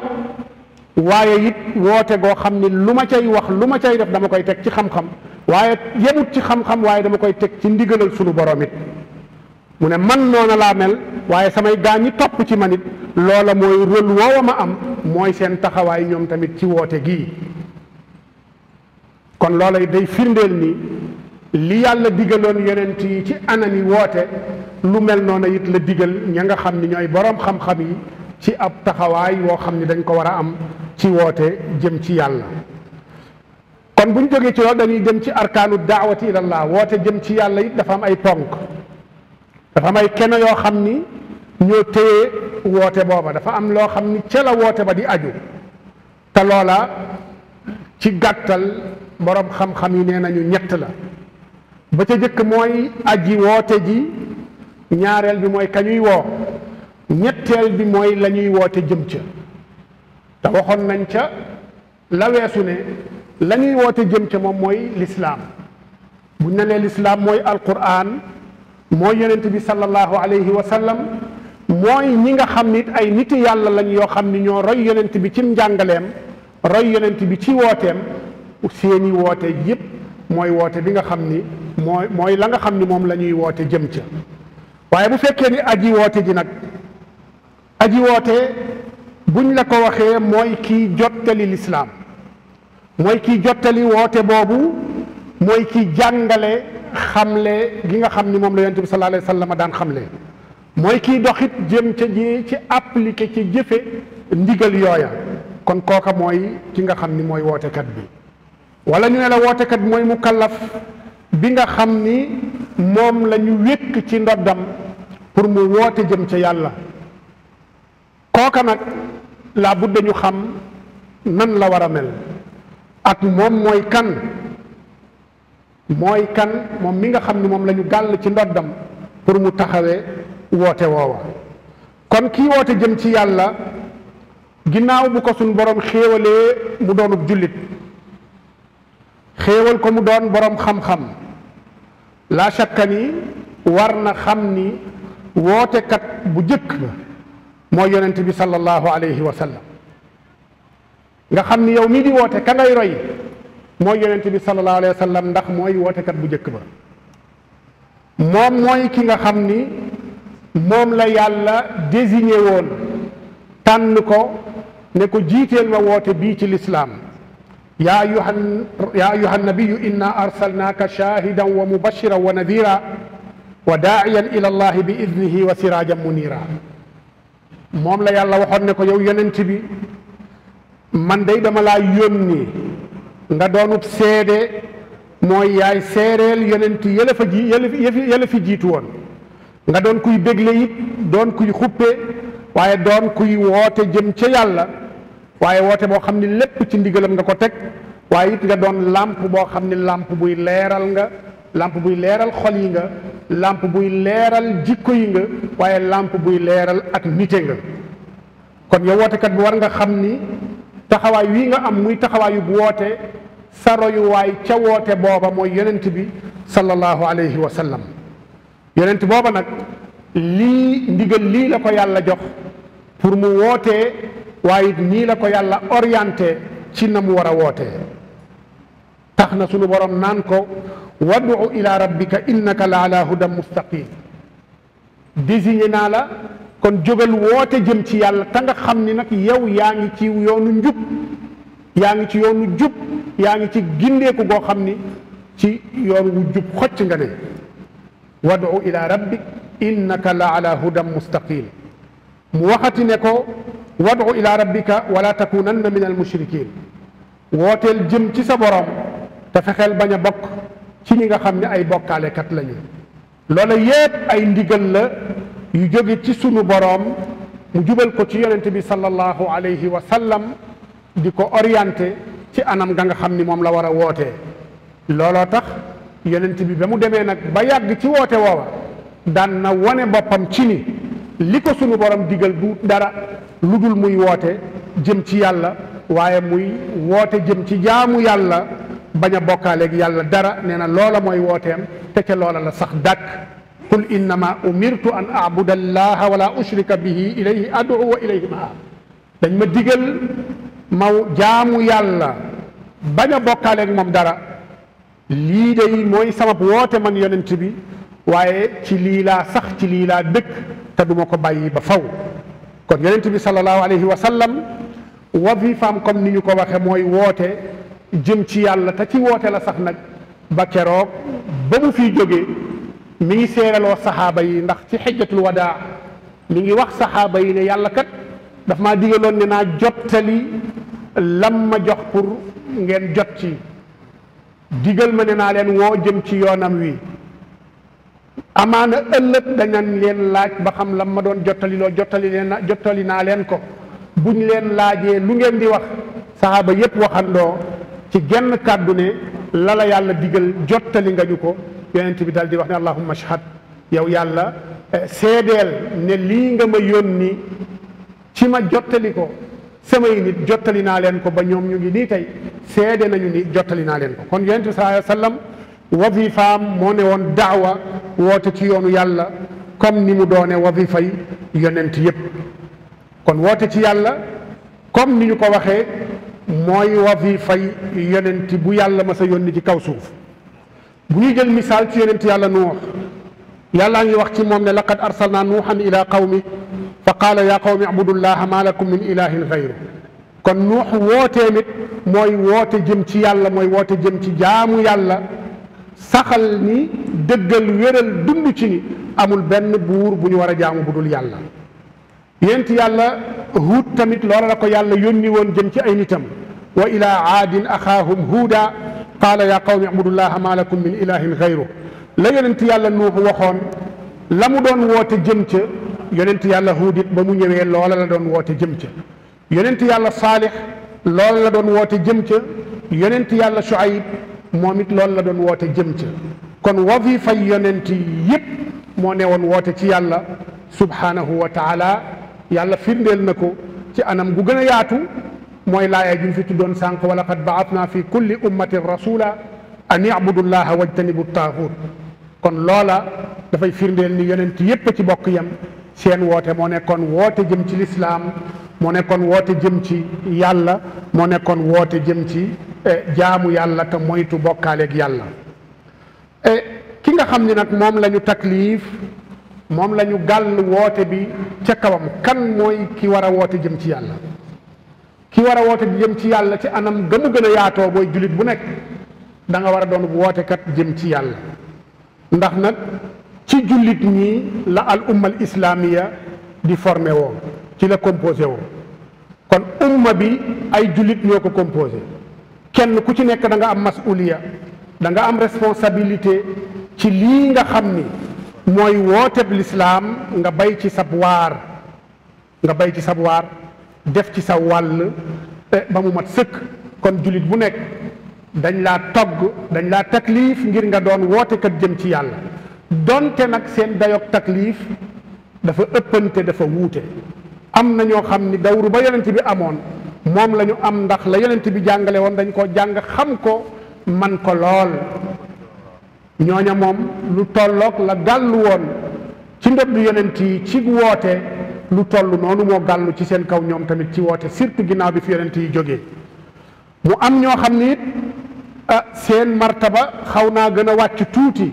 B: waaye it woote goo xam ni lu ma cay wax lu ma cay def dama koy teg ci xam-xam waaye yemut ci xam-xam waaye dama koy teg ci ndigalal sunu borom mu ne man noona laa mel waaye samay gaañ ñi topp ci man it loola mooy rôle woowa ma am mooy seen taxawaay ñoom tamit ci woote gii kon loola day firndeel nii li yàlla digaloon yonent yi ci anam woote lu mel noonu it la digal ña nga xam ni ñooy boroom xam-xam yi ci ab taxawaay woo xam ni dañ ko war a am ci woote jëm ci yàlla kon bu ñu jógee ci loolu dañuy dem ci arkaanu daawati woote jëm ci yàlla dafa am ay ponk dafa am ay keno yoo xam ni ñoo téye woote booba dafa am loo xam ni cela woote ba di aju te loola ci gàttal boroom xam-xam yi nee nañu ñett la ba ca jëkk mooy aji woote ji ñaareel bi mooy kañuy woo ñetteel bi mooy la ñuy woote jëm ca te waxoon nañ ca la weesu ne la ñuy woote jëm ca moom mooy lislaam bu ne nee lislaam mooy alquran mooy yonent bi sallallahu alayhi wa sallam mooy ñi nga xam nit ay niti yàlla lañ yoo xam ni ñoo roy yonent bi ci njàngaleem roy yonent bi ci wooteem seeni woote yépp mooy woote bi nga xam ni mooy mooy la nga xam ni moom la ñuy woote jëm ca waaye bu fekkee ni aji woote ji nag aji woote buñ la ko waxee mooy kii jottali lislaam mooy kii jottali woote boobu mooy kii jàngale xam le gi nga xam ni moom la yonent bi sallallahu alayhi wa sallam daan xamle mooy kii doxit jëm ca ji ci appliqué ci jëfe ndigal yooya kon kooka mooy ki nga xam ni mooy wootekat bi wala ñu ne wootekat mooy mu kallaf bi nga xam ni moom lañu wékk ci ndoddam pour mu woote jëm ci yàlla kooka nag laa budde ñu xam nan la war a mel ak moom mooy kan mooy kan moom mi nga xam ni moom lañu gàll ci ndoddam pour mu taxawe woote woowa kon kii woote jëm ci yàlla ginnaaw bu ko suñ borom xéewalee mu doonub jullit xéewal ko mu doon boroom xam-xam laa shakka ni war na xam ni wootekat bu jëkk ba mooy yonent bi sallallahu alayhi wa sallam nga xam ni yow mii di woote ka ngay roy mooy yonent bi sallallahu alayhi wa sallam ndax mooy wootekat bu jëkk ba moom mooy ki nga xam ni moom la yàlla désigné woon tànn ko ne ko jiiteel ma woote bii ci lislaam yaa ayyuhan yaa ayyuhan nabiyyu innaa arsalnaaka shaahidan wa mubashiran wa nadiiran wa daa'iyan ila llaahi bi idnihi wa siraajan muniiraa moom la yàlla waxoon ne ko yow yonent bi man day dama laa yónni nga doonub seede mooy yaay seereel yonent yële fa ji yële fi jiitu woon nga doon kuy bégle it doon kuy xuppe waaye doon kuy woote jëm ca yàlla waaye woote boo xam ni lépp ci ndigalam nga ko teg waaye it nga doon làmp boo xam ni làmp buy leeral nga làmp buy leeral xol yi nga làmp buy leeral jikko yi nga waaye làmp buy leeral ak nite nga kon yow wootekat bi war nga xam ni taxawaay wii nga am muy taxawaayu bu woote sa royuwaay ca woote booba mooy yonent bi sallallahu alayhi wa sallam yonent booba nag lii ndigal lii la ko yàlla jox pour mu wootee waaye it nii ko yàlla orienté ci na mu war a wootee tax na sunu borom naan ko wadu ila rabbika innaka la ala hudan mustaqim désigné naa la kon jógal woote jëm ci yàlla ta xam ni nag yow yaa ngi ci yoonu njub yaa ngi ci yoonu jub yaa ngi ci gindeeku goo xam ni ci yoon jub xocc nga ne wadu ila rabbik innaka la ala hudan mustaqim mu waxati ne ko wadu ila rabbika wala takunanna min al mushrikin wooteel jëm ci sa borom te fexeel bañ a bokk ci ñi nga xam ne ay bokkaalekat lañu loola yépp ay ndigal la yu jóge ci sunu boroom mu jubal ko ci yonent bi sallallahu alayhi wa sallam di ko orienté ci anam nga nga xam ni moom la war a wootee looloo tax yonent bi ba mu demee nag ba yàgg ci woote woowa daan na wone boppam ci ni li ko sunu borom digal du dara lu dul muy woote jëm ci yàlla waaye muy woote jëm ci jaamu yàlla bañ a bokkaaleeg yàlla dara nee na loola mooy wooteem te ca loola la sax dàkk qul innama umirtu an abuda allaha wala ushrika bihi ilayhi adu wa ilayhi maa dañ ma digal ma jaamu yàlla bañ a bokkaaleeg moom dara lii day mooy sabab woote man yonent bi waaye ci lii laa sax ci lii laa dëkk te duma ko bàyyi ba faw kon yonent bi sallallahu alayhi wa sallam wazifaam comme ni ñu ko waxe mooy woote jëm ci yàlla te ci woote la sax nag ba keroog ba mu fiy jógee mi ngi seeraloo saxaaba yi ndax ci xijjatul wadaa mu ngi wax saxaaba yi ne yàlla kat daf ma digaloon ne naa jottali lam ma jox pour ngeen jot ci digal ma ne naa leen woo jëm ci yoonam wi amaana ëllëg dañan leen laaj ba xam lam ma doon jottali jottali leen jottali naa leen ko buñ leen laajee lu ngeen di wax saxaaba yépp waxandoo ci genn kàddune ne la la yàlla digal jottali nga ñu ko yonent bi dal di wax ne allahumma ashhad yow yàlla eh, seedeel ne lii nga ma yónni ci ma jottali ko samay nit jottali naa leen ko ba ñoom ñu ngi nii tey seede nañu ni jottali naa leen ko kon yonent bi sallallahu alayhi wazifaam moo ne woon daawa woote ci yoonu yàlla comme ni mu doone wazifa yi yonent yépp kon woote ci yàlla comme ni ñu ko waxee mooy wazifa yi yonent bu yàlla ma sa yónni ci kaw suuf bu ñuy jël misaal ci yonent yàlla nuux yàllaa ngi wax ci moom ne laqad arsalna nuuxan ila qawmi fa qaala yaa qawmi abudullaha ma lakum min ilahin gayru kon nuux wootee nit mooy woote jëm ci yàlla mooy woote jëm ci jaamu yàlla saxal ni dëggal wéral dund amul benn buur bu ñu war a jaamu bu dul yàlla yent yàlla huut tamit loola la ko yàlla yónni woon jëm ci ay nitam wa ila aadin axaahum huuda qaala yaa qawmi abudullaha ma lakum min ilahin gayru la yonent yàlla nuuxu waxoon la mu doon woote jëm ca yonent yàlla huud ba mu ñëwee loola la doon woote jëm ca yonent yàlla saalix loola la doon woote jëm ca yonent yàlla shuayb moom it loolu la doon woote jëm ca kon wazifa yonent yépp moo ne woon woote ci yàlla subhanahu wa taala yàlla firndeel na ko ci anam gu gën a yaatu mooy laaya ju fi tuddoon sànq wa laqad baatna fi kulli ummatin rasula an ibudu llaha wajtanibu taaxut kon loola dafay firndeel ni yonent yépp ci bokk yam seen woote moo nekkoon woote jëm ci lislaam moo nekkoon woote jëm ci yàlla moo nekkoon woote jëm ci E jaamu yàlla te moytu bokkaaleeg yàlla e ki nga xam ni nag moom la ñu takliif moom la ñu gàll woote bi ca kawam kan mooy ki war a woote jëm ci yàlla ki war a woote bi jëm ci yàlla ci anam ga gën a yaatoo booy jullit bu nekk danga war a doon wootekat jëm ci yàlla ndax nag ci jullit ñi la al ummal islaamiya di formé woo ci la composé woo kon umma bi ay jullit ñoo ko composé kenn ku ci nekk danga nga am masuliya da nga am responsabilité ci lii nga xam ni mooy wooteb lislaam nga bay ci sab nga bay ci sab def ci sa wàll e, ba mu mat sëkk kon jullit bu nekk dañ laa togg dañ laa takliif ngir nga doon woote wootekat jëm ci yàlla donte nag seen dayog takliif dafa ëppante dafa wuute am na ñoo xam ni dawru ba yonent bi amoon moom lañu am ndax la yonent bi jàngale woon dañ koo jàng xam ko man ko lool ñooña moom lu tollook la gàllu woon ci ndodd yonent yi ci woote lu toll noonu moo gàllu ci seen kaw ñoom tamit ci woote surtout ginnaaw bi fi yonent yi jógee mu am ñoo xam ni it ah, seen martaba xaw naa gën a wàcc tuuti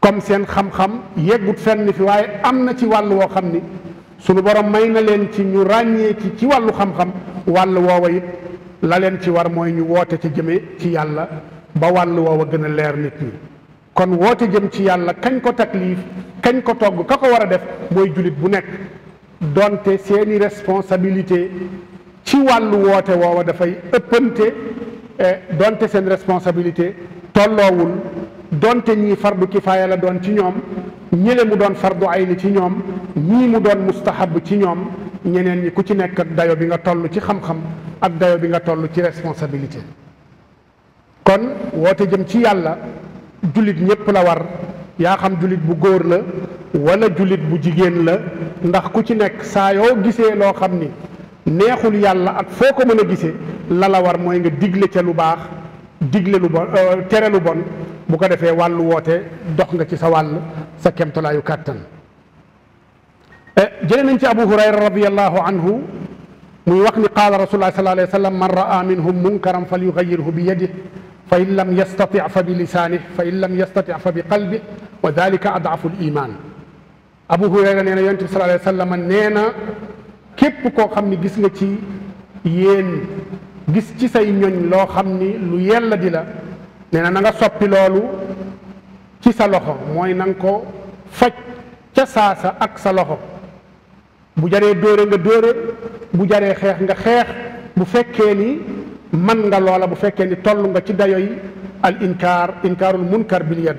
B: comme seen xam-xam yeggut fenn fi waaye am na ci wàll woo xam ni suñu borom may na leen ci ñu ràññee ci wàllu xam-xam wàll woowa it la leen ci war mooy ñu woote ci jëme ci yàlla ba wàll woowa gën a leer nit ñi kon woote jëm ci yàlla kañ ko takliif kañ ko togg ka ko war a def mooy jullit bu nekk donte seeni responsabilité ci wàllu woote woowa dafay ëppante e, donte seen responsabilité tolloowul donte ñii fardu kifaaya la doon ci ñoom ñële mu doon ay ni ci ñoom ñii mu doon mustahab ci ñoom ñeneen ñi ku ci nekk dayo bi nga toll ci xam-xam ak dayo bi nga toll ci responsabilité kon woote jëm ci yàlla jullit ñépp la war yaa xam jullit bu góor la wala jullit bu jigéen la ndax ku ci nekk saa yoo gisee loo xam ni neexul yàlla ak foo ko mën a gisee la la war mooy nga digle ca lu baax digle lu bon euh, tere lu bon bu ko defee wàllu woote dox nga ci sa wàll sa kemtulaayu kàttan eh, jëlee nañ ci abu hurayra radiallahu anhu muy wax ni qaala rasulullah sal alayhi wa man raa minhum munkaran fal yugayirhu bi yadih fa in lam yastati fa bi lisaanih fa in lam yastati fa bi qalbih wa dalika adaafu liman abu hurayra nee na yonent bi sal alayhi wa sallam na képp koo xam ni gis nga ci yéen gis ci say ñoñ loo xam ni lu yella dila la na nga soppi loolu ci sa loxo mooy na nga ko faj ca saasa ak sa loxo bu jaree dóore nga dóore bu jaree xeex nga xeex bu fekkee ni man nga loola bu fekkee ni toll nga ci dayoy al inkaar inkaarul munkar bil yad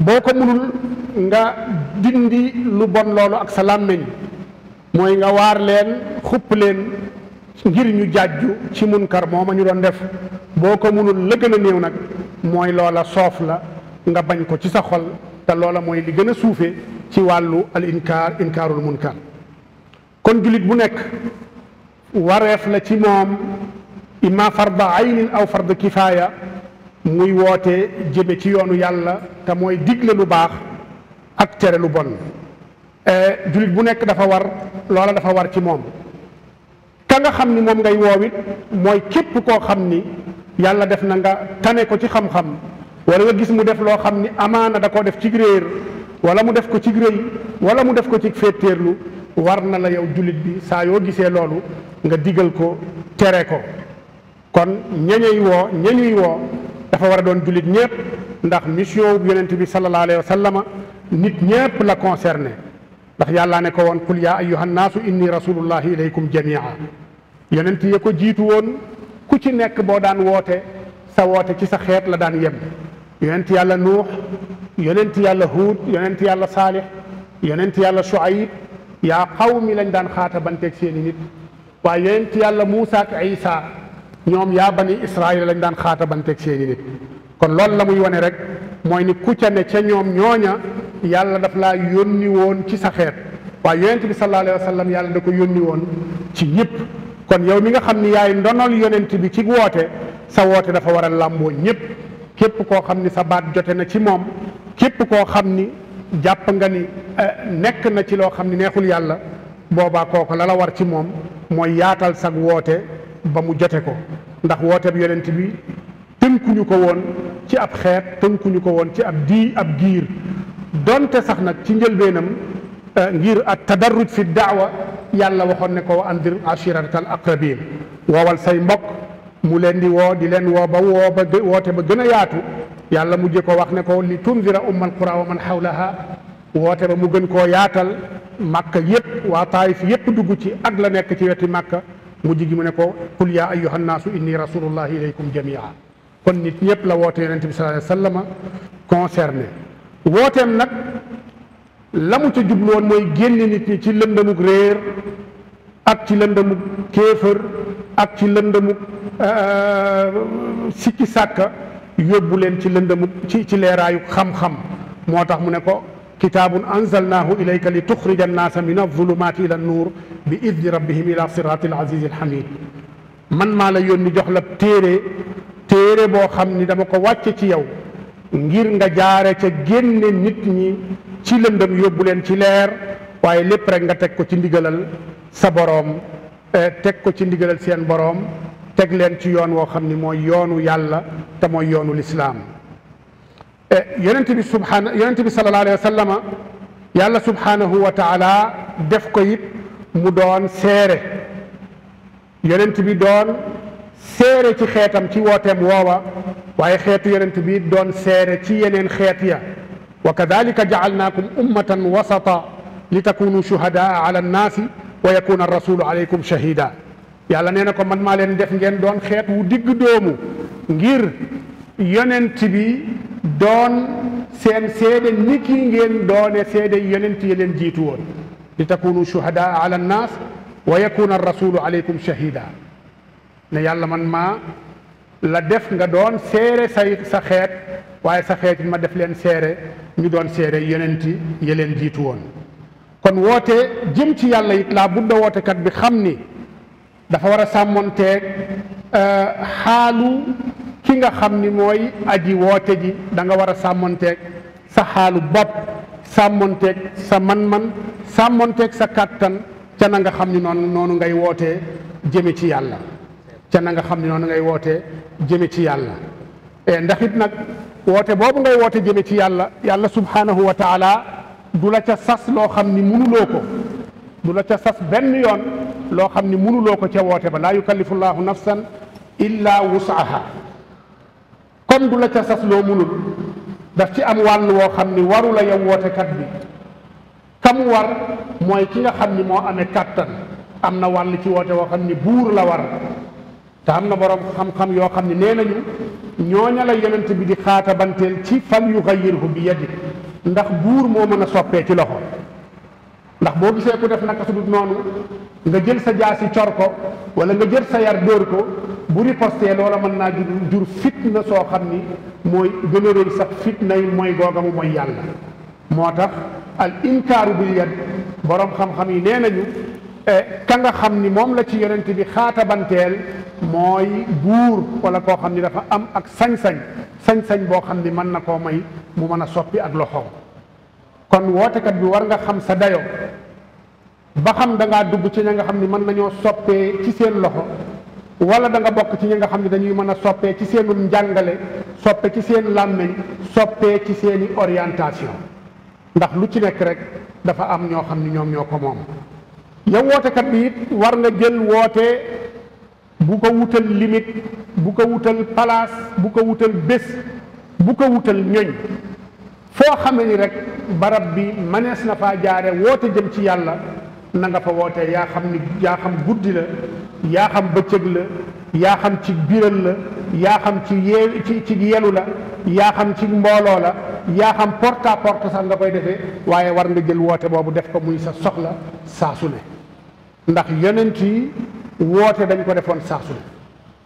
B: boo ko mënul nga dindi lu bon loolu ak sa làmmiñ mooy nga waar leen xupp leen ngir ñu jàjju ci munkar mooma ñu doon def boo ko mënul la gën a néew nag mooy loola soof la nga bañ ko ci sa xol te loola mooy li gën a suufee ci wàllu al inkaar inkaarul munkar kon jullit bu nekk wareef la ci moom imma farda aynin aw farda kifaaya muy woote jëme ci yoonu yàlla te mooy digle lu baax ak tere lu bon e, jullit bu nekk dafa war loola dafa war ci moom ka nga xam ni moom ngay woowit mooy képp koo xam ni yàlla def na nga tane ko ci xam-xam wala nga gis mu def loo xam ni amaana da koo def ci réer wala mu def ko ci rëy wala mu def ko ci féeteerlu war na la yow jullit bi saa yoo gisee loolu nga digal ko tere ko kon ñañuy woo ñañuy woo dafa war a doon jullit ñépp ndax mission bu bi sallallahu alayhi wa sallama nit ñépp la concerné ndax yàllaa ne ko woon qul yaa ayyuhan naasu inni rasulullahi ilaykum jamia yonent ya ko jiitu woon ku ci nekk boo daan woote sa woote ci sa xeet la daan yem yonent yàlla nuux yonent yàlla huud yonent yàlla saalix yonent yàlla shuayb yaa qawmi lañ daan xaata banteeg seeni nit waaye yonent yàlla muusa ak isa ñoom yaa bani israil lañ daan xaata banteeg seeni nit kon lool la muy wane rek mooy ni ku ca ne ca ñoom ñooña yàlla daf laa yónni woon ci sa xeet waaye yonent bi sallallahu alayhi wa sallam yàlla da ko yónni woon ci ñëpp kon yow mi nga xam ni yaay ndonol yonent bi ci woote sa woote dafa war a làmboo ñëpp képp koo xam ni sa baat jote na ci moom képp koo xam ni jàpp nga ni eh, nekk na ci loo xam ni neexul yàlla boobaa kooko la la war ci moom mooy yaatal sag woote ba mu jote ko ndax woote bi yonent bi tënkuñu ko woon ci ab xeet tënkuñu ko woon ci ab dii ab giir donte sax nag ci njëlbeenam eh, ngir at tadarruj fi daawa yàlla waxoon ne ko wa andir ashiratal aqrabin woowal say mbokk mu leen di woo di leen woo ba woo ba woote ba gën a yaatu yàlla mujje ko wax ne ko li tunzira ummal qura wa man hawlaha woote ba mu gën koo yaatal màkka yépp waa taayif yépp dugg ci ak la nekk ci weti màkka mu gi mu ne ko qul yaa ayyuha nnaasu inni rasulullahi ilaykum jamia kon nit ñëpp la woote yonent bi sallallahu alayhi wa sallam concerné wooteem nag la ca jublu woon mooy génne nit ñi ci lëndamuk réer ak ci lëndamuk kéefër ak ci lëndamuk Euh, sikki sàkk yóbbu leen ci lëndëm ci ci leeraayu xam-xam moo tax mu ne ko kitaabun anzalnaahu ilayka li tuxrija annaasa min azulumaati ila nuur bi idni rabbihim ila siraati alazizi alhamid man maa la yónni jox la téere téere boo xam ni dama ko wàcce ci yow ngir nga jaare ca génne nit ñi ci lëndëm yóbbu leen ci leer waaye lépp rek nga teg ko ci ndigalal sa borom eh, teg ko ci ndigalal seen boroom teg leen ci yoon woo xam ni mooy yoonu yàlla te mooy yoonu lislaam eh, yonent bi subhaana yonent bi sallallahu alayhi wa sallama yàlla subhaanahu wa taala def ko it mu doon seere yonent bi doon seere ci xeetam ci wooteem woowa waaye xeetu yonent bi doon sere ci yeneen xeet ya wa kadalika jacalnaakum ummatan wasata li takunu shuhadaa ala annaasi wa yakuna arrasulu alaykum shahida yàlla nee na ko man maa leen def ngeen doon xeet wu digg doomu ngir yonent bi doon seen seede ni ki ngeen doone seede yonent yi leen jiitu woon li takunu shuhadaa ala annaas wa yakuna arrasulu aleykum shahida ne yàlla man maa la def nga doon seere sa xeet waaye sa xeet ma def leen seere ñu doon seere yonent yi leen jiitu woon kon woote jëm yàlla it laa budda wootekat bi xam ni dafa war a sàmmonteeg euh, xaalu ki nga xam ni mooy aji woote ji danga war a sàmmonteeg sa xaalu bopp sàmmonteeg sa man-man sàmmonteeg sa kàttan ca na nga xam ni noonu noonu ngay wootee jëme ci yàlla ca na nga xam ni noonu ngay wootee jëme ci yàlla e, ndax it nag woote boobu ngay woote jëme ci yàlla yàlla subhaanahu wa taala du la ca sas loo xam ni munuloo ko du la ca sas benn yoon loo xam ni mënuloo ko ca woote ba laa yukallifu llaahu nafsan illa wusaha comme du la ca sas loo mënul daf ci am wàll woo xam ni waru la yow wootekat bi kam war mooy ki nga xam ni moo amee kàttan am na wàll ci woote woo xam ni buur la war te am na boroom xam-xam yoo xam ni nee nañu ñooña la yonent bi di xaata banteel ci fal yuxayyirhu bi yadi ndax buur moo mën a soppee ci loxo ndax boo gisee ku def naka sudut noonu nga jël sa jaasi si ko wala nga jël sa yar dóor ko bu ripostee loola mën naa jur jur fitna soo xam ni mooy gën a rëy sax fitnay mooy googa mooy yàlla moo tax al inkaaru bil yad boroom xam-xam yi nee nañu e, ka nga xam ni moom la ci yonent bi xaatabanteel mooy buur wala koo xam ni dafa am ak sañ-sañ sañ-sañ boo xam ni mën na koo may mu mën a soppi ak loxoom kon wootekat bi war nga xam sa dayo ba xam dangaa dugg ci ña nga xam ni mën nañoo soppee ci seen loxo wala danga nga bokk ci ñi nga xam ne dañuy mën a soppee ci seenum njàngale soppe ci seen làmmiñ soppee ci seeni orientation ndax lu ci nekk rek dafa am ñoo xam ni ñoom ñoo ko moom yow wootekat bi it war nga jël woote bu ko wutal limite bu ko wutal palaas bu ko wutal bés bu ko wutal ñoñ foo xame ni rek barab bi mënees na faa jaare woote jëm ci yàlla na nga fa wootee yaa xam ni yaa xam guddi la yaa xam bëccëg la yaa xam ci biral la yaa xam ci yee ci ci yelu la yaa xam ci mbooloo la yaa xam porte à sax nga koy defee waaye war nga jël woote boobu def ko muy sax soxla saa su ne ndax yonent yi woote dañ ko defoon saa su ne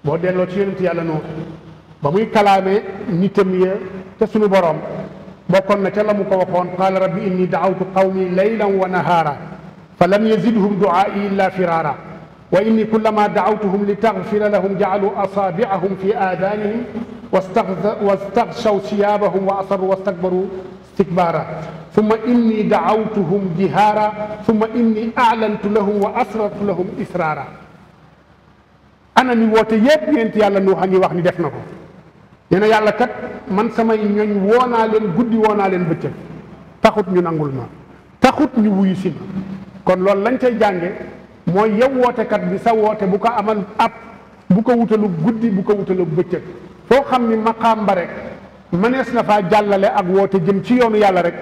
B: boo delloo ci yonent yàlla noonu ba muy kalaamee nitam ya te suñu boroom bokkoon na ca la mu ko waxoon qaala rabbi inni daawtu qawmi laylan wa nahaara fa lam yazidhum duaai illa firaara wa inni kullama daawtuhum li taxfira lahum jaalu asaabiahum fi aadanihim wastaxshaw siyaabahum wa asaru wastakbaru istikbaara summa inni daawtuhum jihaara summa inni aalantu lahum wa asrartu lahum israara ana mi woote yépp yent yàlla nuuxa ngi wax ni def na ko nee na yàlla kat man samay ñooñ woonaa leen guddi woonaa leen bëccëg taxut ñu nangul ma taxut ñu wuyu si ma kon loolu lañ cay jànge mooy yow wootekat bi sa woote bu ko amal ab bu ko wutalu guddi bu ko wutalu bëccëg foo xam ni maqaam ba rek mënees na faa jàllale ak woote jëm ci yoonu yàlla rek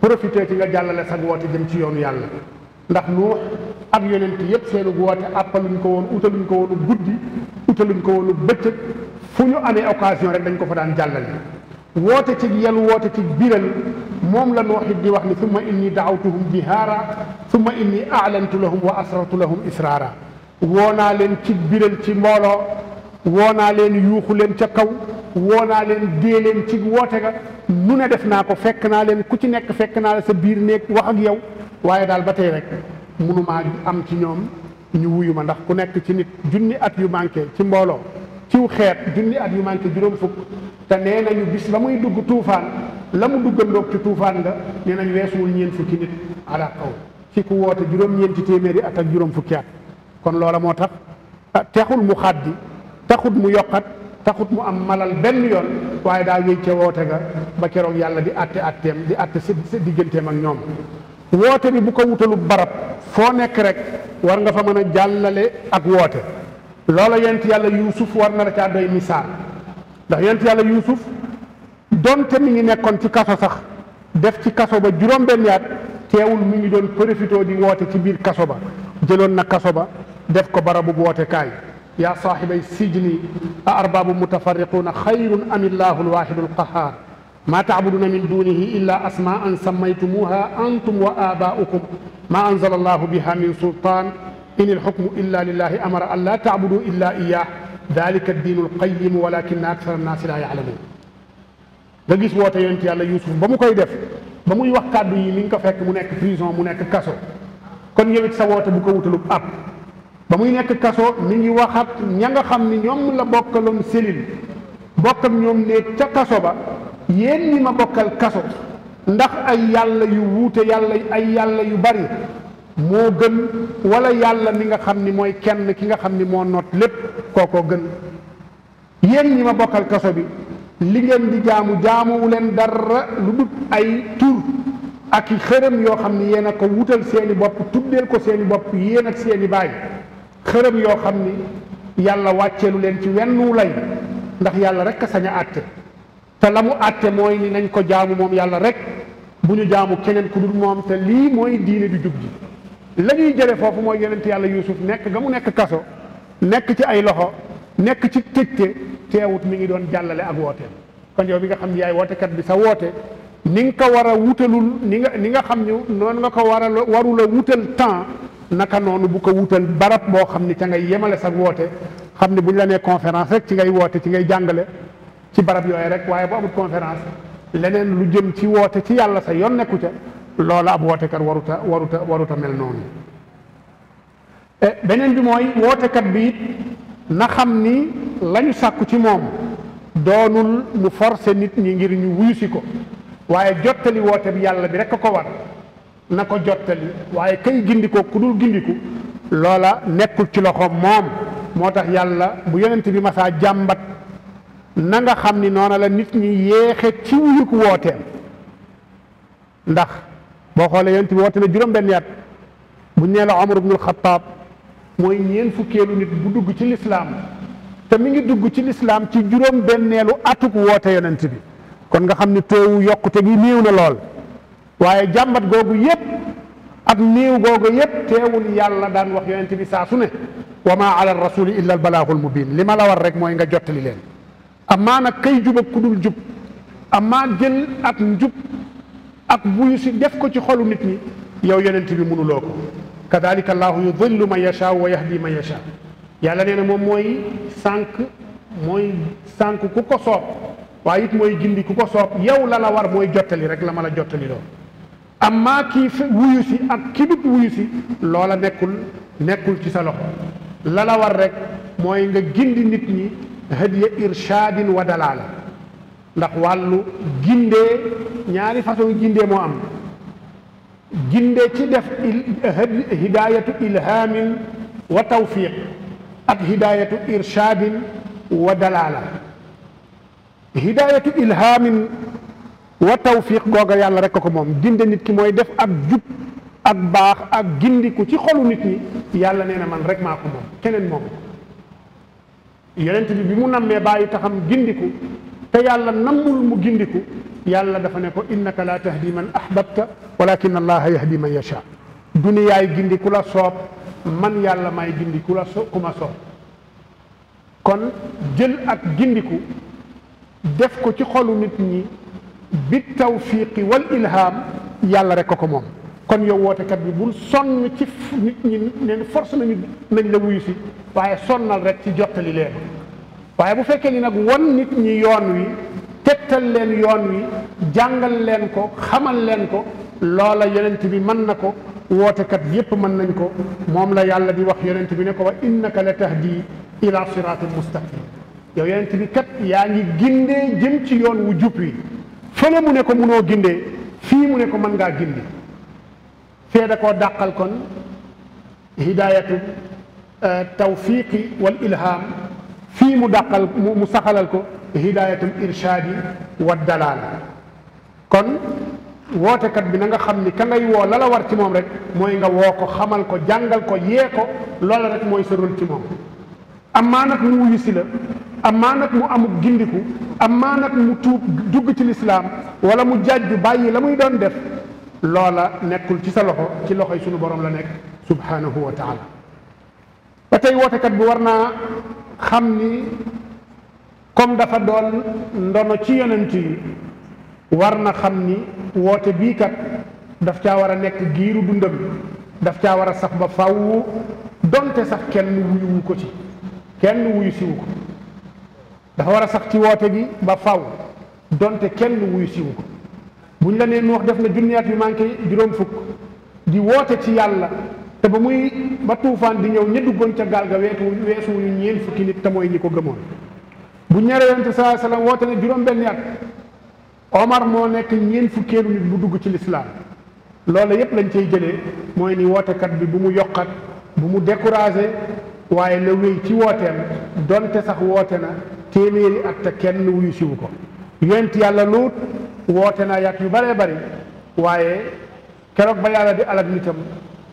B: profité ci nga jàllale sag woote jëm ci yoonu yàlla ndax nuux ak yonent yépp seenu woote àppaluñ ko woon utaluñ ko woonu guddi utaluñ ko woonu bëccëg fu ñu amee occasion rek dañ ko fa daan jàllale woote ci yel woote ci biral moom la nooxit di wax ni summa inni daawtuhum jihaara summa inni aalantu lahum wa asrartu lahum israara woo naa leen ci biral ci mbooloo woo naa leen yuuxu leen ca kaw woo naa leen dee leen ci woote ga nu ne def naa ko fekk naa leen ku ci nekk fekk naa la sa biir néeg wax ak yow waaye daal ba tey rek mënumaa am ci ñoom ñu wuyu ma ndax ku nekk ci nit junni at yu manqué ci mbooloo ciw xeet junni at yu manqué juróom fukk te nee nañu bis ba muy dugg tuufaan la mu duggandoog ci tuufaan nga nee nañ weesuwul ñeent fukki nit ala kaw ci ku woote juróom-ñeenti téeméeri at ak juróom fukki at kon loola moo tax ah, texul mu xaddi taxut mu yokkat taxut mu am malal benn yoon waaye daa wéy ca woote ga ba keroog yàlla di àtte àtteem di àtte sa digganteem ak ñoom woote bi bu ko wutalu barab foo nekk rek war nga fa mën a jàllale ak woote loola yent yàlla yuusuf war na la caa doy ndax yonent yàlla yuusuf donte mi ngi nekkoon ci kaso sax def ci kaso ba juróom-benn yaat teewul mi ngi doon profité di woote ci biir kaso ba jëloon na kaso ba def ko barabu wootekaay yaa saaxibay sijni a arbaabu mutafarriquuna xayrun am illaahu alwaaxidu alqahaar maa tacbuduuna min duunihi illaa asmaa'an sammaytumuuha antum wa aabaa'ukum maa anzala allaahu biha min sultaan in alxukmu illa lillaahi amara an laa tacbuduu illaa iyaah dalika diinul qayyim walakinna aksara nnaasi laa yaalamuun nga gis woote ci yàlla Yuusuf ba mu koy def ba muy wax kàddu yi mi ngi ko fekk mu nekk prison mu nekk kaso kon yow sa woote bu ko wutalub ab ba muy nekk kaso mi ngi waxat ña nga xam ni ñoom la bokkaloon selil bokkam ñoom néeg ca kaso ba yéen ñi ma bokkal kaso ndax ay yàlla yu wuute yàlla ay yàlla yu bari moo gën wala yàlla mi nga xam ni mooy kenn ki nga xam ni moo noot lépp koo kookoo gën yéen ñi ma bokkal kaso bi li ngeen di jaamu jaamuwu leen dara lu dut ay tur ak i xërëm yoo xam ni yéen a ko wutal seeni bopp tuddeel ko seeni bopp yéen ak seeni baay xërëm yoo xam ni yàlla wàcceelu leen ci wenn wu lay ndax yàlla rek a sañ a àtte te la mu àtte mooy ni nañ ko jaamu moom yàlla rek bu ñu jaamu keneen ku dul moom te lii mooy diine du jub ji la ñuy jële foofu mooy yonent yàlla Yuusuf nekk nga mu nekk kaso nekk ci ay loxo nekk ci tëjte teewut mu ngi doon jàllale ak woote kon yow bi nga xam ne yaay wootekat bi sa woote ni nga ko war a wutalul ni nga ni nga xam ne noonu nga ko war a warula wutal temps naka noonu bu ko wutal barab boo xam ne ca ngay yemale sa woote xam ne bu ñu la nee conférence rek ci ngay woote ci ngay jàngale ci barab yooyu rek waaye bu amul conférence leneen lu jëm ci woote ci yàlla sa yoon nekku ca loola ab wootekat waruta waruta waruta mel noonu eh, beneen bi mooy wootekat bi it na xam ni lañu sàkku ci moom doonul mu forcer nit ñi ngir ñu wuyusi ko waaye jottali woote bi yàlla bi rek a ko war na ko jottali waaye kay gindikoo ku dul gindiku loola nekkul ci loxoom moom moo tax yàlla bu yonent bi masaa jàmbat na nga xam ni noona la nit ñi yéexe ci wuyuk wooteem ndax boo xoolee yonent bi woote na juróom-benn yaat bu ñee la Omar ibnul Xattaab mooy ñeen fukkeelu nit bu dugg ci lislaam te mi ngi dugg ci lislaam ci juróom benneelu atuk woote yonent bi kon nga xam ne toowu yokkute gi néew na lool waaye jàmbat googu yépp ak néew googu yépp teewul yàlla daan wax yonent bi saa su ne wa maa ala rasuli illa al balaagul li ma la war rek mooy nga jottali leen amaa nag kay jub ak ku dul jub amaa jël ak njub ak buyu si def ko ci xolu nit ñi yow yonent bi mënuloo ko kadalika allahu yudillu man yasha wa yahdi man yasha yàlla nee na moom mooy sànq mooy sànq ku ko soob waaye it mooy gindi ku ko soob yow lala war mooy jottali rek la ma la jottali loo amma kii wuyu si ak ki dut wuyu si loola nekkul nekkul ci sa loxo la war rek mooy nga gindi nit ñi hadiya irshaadin wa dalaala ndax wàllu gindee ñaari façon gindee moo am gindee ci def hidaayatu ilhaamin wa tawfiq ak hidaayatu irshaadin wa dalaala hidaayatu ilhaamin wa tawfiq googa yàlla rek ko moom ginde nit ki mooy def ak jub ak baax ak gindiku ci xolu nit ñi yàlla nee na man rek maa ko moom keneen moom yonent bi bi mu nammee bàyyi taxam gindiku te yàlla nammul mu gindiku yàlla dafa ne ko innaka laa tahdi man ahbabta walakin allaha yahdi man yasha duniyaay gindi ku la soob man yàlla may gindi ku so ku kon jël ak gindiku def ko ci xolu nit ñi bi tawfiqi wal ilham yàlla rek ko ko moom kon yow wootekat bi bul sonn ci nit ñi neen force nañu nañ la wuyu si waaye sonnal rek ci jottali leen waaye bu fekkee ni nag won nit ñi yoon wi tegtal leen yoon wi jàngal leen ko xamal leen ko loola yenent bi mën na ko woote kat yépp mën nañ ko moom la yàlla di wax yonent bi ne ko wa innaka la tahdi ila siratin mustaqim yow yonent bi kat yaa ngi gindee jëm ci yoon wu jub wi fële mu ne ko munoo gindee fii mu ne ko mën ngaa gindi fee da ko dàqal kon hidayatu eh, tawfiqi wal ilham fii mu dàqal mu saxalal ko hidayatul irshaadi wa dalaala kon woote kat bi na nga xam ni ka woo la la war ci moom rek mooy nga woo ko xamal ko jàngal ko yee ko loola rek mooy sa rôle ci moom amaa nag mu wuyu si la amaa nag mu amuk gindiku amaa nag mu tuub dugg ci lislaam wala mu jàjju bàyyi la muy doon def loola nekkul ci sa loxo ci loxoy sunu borom la nekk subhanahu wa taala ba tey wootekat bi war naa xam ni comme dafa doon ndono ci yonent yi war na xam ni woote bii kat daf caa war a nekk giiru dundam daf caa war a sax ba fàww donte sax kenn wuyuwu ko ci kenn wuyu siwu ko dafa war a sax ci woote bi ba faw donte kenn wuyu siwu ko buñ la nee nu wax def na junniyaat yu manqué juróom fukk di woote ci yàlla te ba muy ba tuufaan di ñëw ña duggoon ca gaal ga weetu weesu wu ñu fukki nit te mooy ñi ko gëmoon bu ñaare yonent sallallahu alayhi wasallam woote ne juróom-benni at Omar moo nekk ñeent fukkeelu nit bu dugg ci lislaam loola yépp lañ cey jëlee mooy ni wootekat bi bu mu yokkat bu mu découragé waaye na wéy ci wooteem donte sax woote na téeméeri at te kenn wuyu siwu ko yonent yàlla luut woote na yàq yu baree bari waaye keroog ba yàlla di alal nitam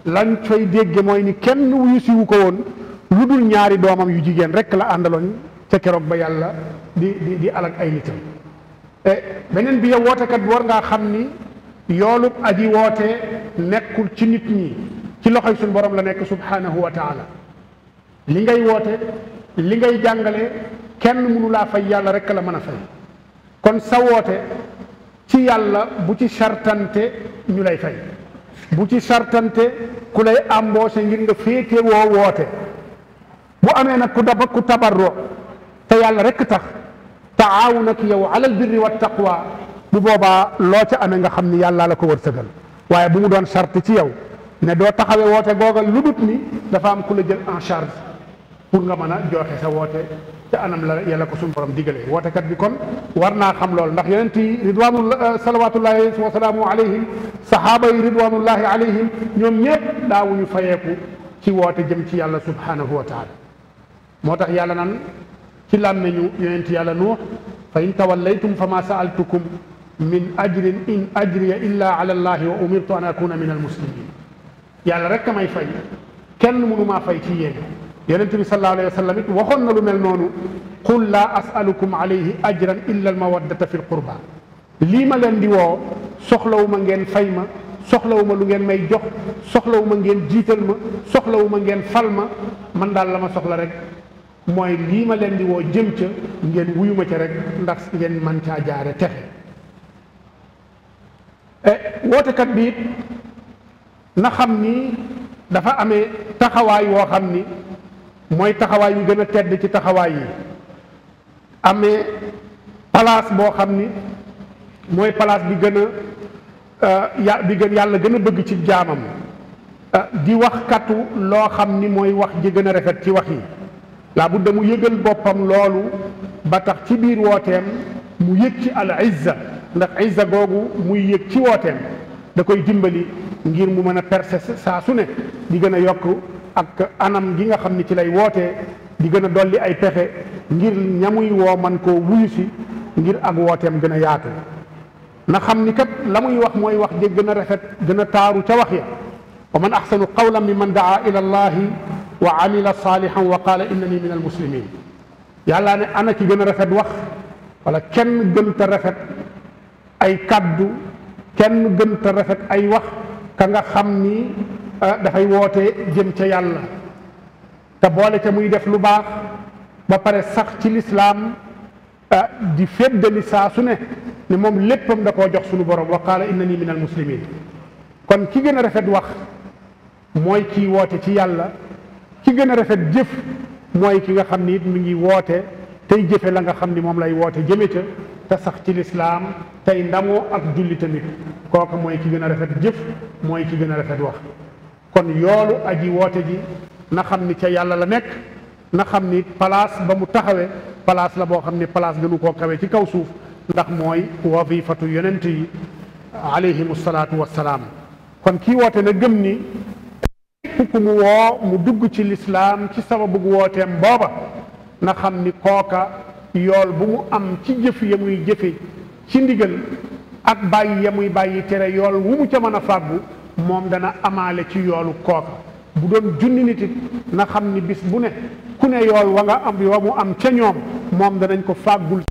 B: lañ fay dégge mooy ni kenn wuyu siwu ko woon lu dul ñaari doomam yu jigéen rek la àndaloon ca keroog ba yàlla di di alag ay nitam e, beneen bi yow wootekat bi war ngaa xam ni yoolub aji woote nekkul ci nit ñi ci loxoy suñ borom la nekk subhanahu wa taala li ngay woote li ngay jàngale kenn mënu laa fay yàlla rek la mën a fay kon sa woote ci yàlla bu ci sartante ñu lay fay bu ci sartante ku lay embauché ngir nga féete woo woote bu amee nag ku daba ku tabarro te yàlla rekk tax taawunak yow alal birri wa taqwa bu boobaa loo ca amee nga xam ni yàllaa la ko wërsëgal waaye bu mu doon sart ci yow ne doo taxawee woote googal lu dut ni dafa am ku la jël en charge pour nga mën a joxe sa woote ca anam la yàlla ko suñu borom digalee wootekat bi kon war naa xam lool ndax yonent yi ridwaanu eh, salawatullahi wa salaamu alayhim sahaaba yi ridwanullahi alayhim ñoom ci woote jëm ci yàlla subhanahu wa taala moo tax yàlla nan ci làmmiñu yonent yàlla nuux fa in tawallaytum fa ma saaltukum min ajrin in ajriya illa ala allahi wa umirtu an akuna min almuslimin yàlla rek a may fay kenn mënu maa fay ci yéen yeneen bi sallallahu alayhi wa waxoon na lu mel noonu qul laa asalukum alayhi ajran illa al mawaddata fi l qurba lii ma leen di woo soxlawu ma ngeen fay ma soxlawu ma lu ngeen may jox soxlawu ma ngeen jiital ma soxlawu ma ngeen fal ma man daal la ma soxla rek mooy lii ma leen di woo jëm ca ngeen wuyu ma ca rek ndax ngeen man caa jaare texe e, wootekat bi it na xam ni dafa ame taxawaay woo xam ni mooy taxawaay yu gën a tedd ci taxawaay yi amee place boo xam ni mooy place bi gën a euh, ya bi gën yàlla gën a bëgg ci jaamam euh, di wax katu loo xam ni mooy wax ji gën a rafet ci wax yi laa bu mu yëgal boppam loolu ba tax ci biir wooteem mu yëg ci al izza ndax izza googu muy yëg ci wooteem da koy dimbali ngir mu mën a percer saa su ne di gën a yokk ak anam gi nga xam ni ci lay woote di gën a li ay pexe ngir ñamuy woo man koo wuyu si ngir ak wooteem gën a yaatu na xam ni kat la muy wax mooy wax je gën a rafet gën taaru ca wax ya wa man axsanu qawlan mi man daa ila allahi wa amila salihan wa qaala innani min almuslimin yàlla ne ana ki gën a rafet wax walla kenn gënta rafet ay kaddu kenn gënta rafet ay wax ka nga xam ni Ah, dafay woote jëm ca yàlla te boole ca muy def lu baax ba pare sax ci lislaam ah, di féddali saa su ne ne moom léppam da koo jox suñu borom wa qaala innani min al muslimin kon ki gën a rafet wax mooy kii woote ci yàlla ci gën a rafet jëf mooy ki nga xam ni it mi ngi woote tey jëfe la nga xam ni moom lay woote jëme ca te sax ci lislaam tey ndamoo ak julli tamit kooku mooy ki gën a rafet jëf mooy ki gën a rafet wax kon yoolu aji woote ji na xam ni ca yàlla la nekk na xam ni palaas ba mu taxawee place la boo xam ni place gënu koo kawe ci kaw suuf ndax mooy wafifatu yonent yi alayhimu salaatu wassalaam kon kii woote na gëm ni képp mu woo mu dugg ci lislaam ci sababu wooteem booba na xam ni kooka yool bu mu am ci jëf ya muy jëfe ci ndigal ak bàyyi ya muy bàyyi tere yool wu mu ca mën a fàggu moom dana amaale ci yoolu kooka bu doon junni nit na xam ni bis bu ne ku ne yool wa nga am yoo mu am ca ñoom moom danañ ko fàggul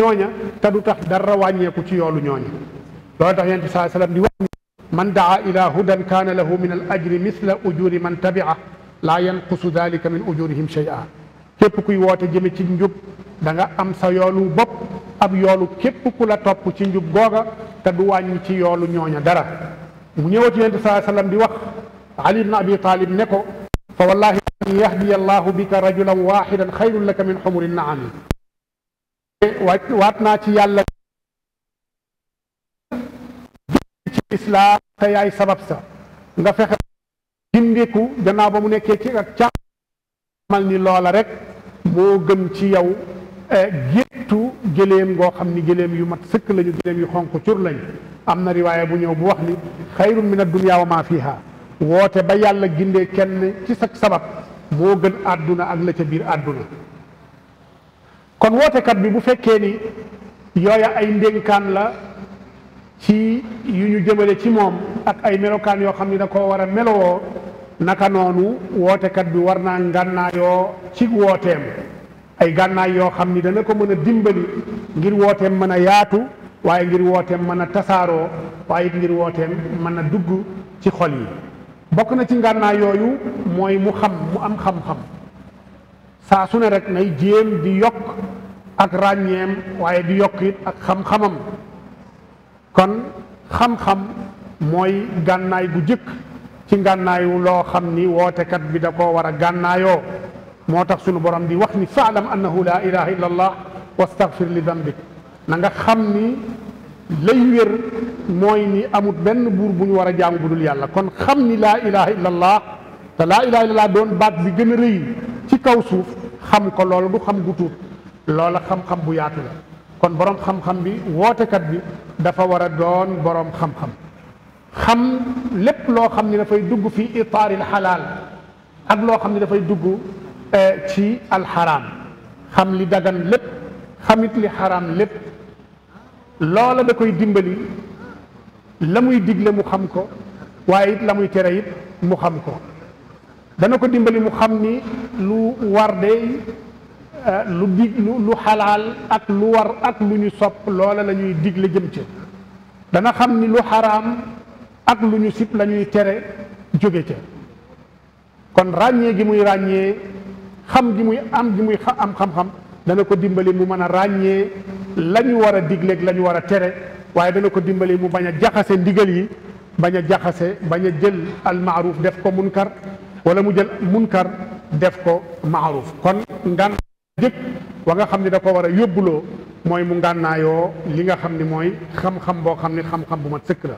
B: ñooña te du tax dara wàññeeku ci yoolu ñooña loolu tax yonent bi saa sallam di wax man daa ila hudan kaana lahu min al ajri misla ujuri man tabia laa yanqusu dalika min ujurihim shay'a képp kuy woote jëme ci njub da nga am sa yoolu bopp ab yoolu képp ku la topp ci njub googa te du wàññi ci yoolu ñooña dara mu ñëwati yonent bi saa sallam wax ali ibn abi talib ne ko fa wallahi an yahdiya allahu bika rajulan waxidan xayrun laka min xumuri naami naa ci yàlla ci islaam te yaay sa nga fexe gindiku gannaaw ba mu nekkee ci ak càamal ni loola rek moo gën ci yow eh, géttu gëléem goo xam ni gëléem yu mat sëkk lañu gëléem yu xonq cur lañ am na riwaaya bu ñëw bu wax ni xayrun min addunya maa ma fiha woote ba yàlla gindee kenn ci sag sabab moo gën àdduna ak la ca biir àdduna kon wootekat bi bu fekkee ni yooya ay ndénkaan la ci yu ñu jëmale ci moom ak ay melokaan yoo xam ni da koo war a melowoo naka noonu wootekat bi war naa ngànnaayoo ci wooteem ay gànnaay yoo xam ni dana ko mën a dimbali ngir wooteem mën a yaatu waaye ngir wooteem mën a tasaaroo waaye it ngir wooteem mën a dugg ci xol yi bokk na ci ngànnaa yooyu mooy mu xam mu am xam-xam saa su ne rek nay jéem di yokk ak ràññeem waaye di yokk it ak xam-xamam kon xam-xam mooy gànnaay bu jëkk ci ngànnaayu loo xam ni wootekat bi da koo war a gànnaayoo moo tax sunu borom di wax ni faalam annahu laa ilaha illa allah wastaghfir li dambik nanga xam ni lay wér mooy ni amut benn buur bu ñu war a jaamu bu dul yàlla kon xam ni laa ilaha illallah te laa ilaha illallah doon baat bi gën a rëy ci kaw suuf xam ko loolu du xam gu tuut loola xam-xam bu yaatu la kon borom xam bi wootekat bi dafa war a doon boroom xam-xam lépp loo xam ni dafay dugg fi itaaril xalaal ak loo xam ni dafay dugg eh, ci alxaraam xam li dagan lépp xamit li xaraam lépp loola da koy dimbali la muy digle mu xam ko waaye it la muy tere it mu xam ko dana ko dimbali mu xam ni lu war de eh, lu lu xalaal ak lu war ak lu ñu sopp loola lañuy digle jëm ca dana xam ni lu xaraam ak lu ñu sit la ñuy tere jóge ca kon ràññee gi muy ràññee xam gi muy am gi muy am xam-xam dana ko dimbali mu mën a ràññee la ñu war a digleeg la ñu war a tere waaye dana ko dimbali mu bañ a jaxase ndigal yi bañ a jaxase bañ a jël al maaruf def ko munkar wala mu jël munkar def ko maaruf kon ngan jëkk wa nga xam ni da ko war a yóbbuloo mooy mu ngànnaayoo li nga xam ni mooy xam-xam boo xam ne xam-xam bu mat sëkk la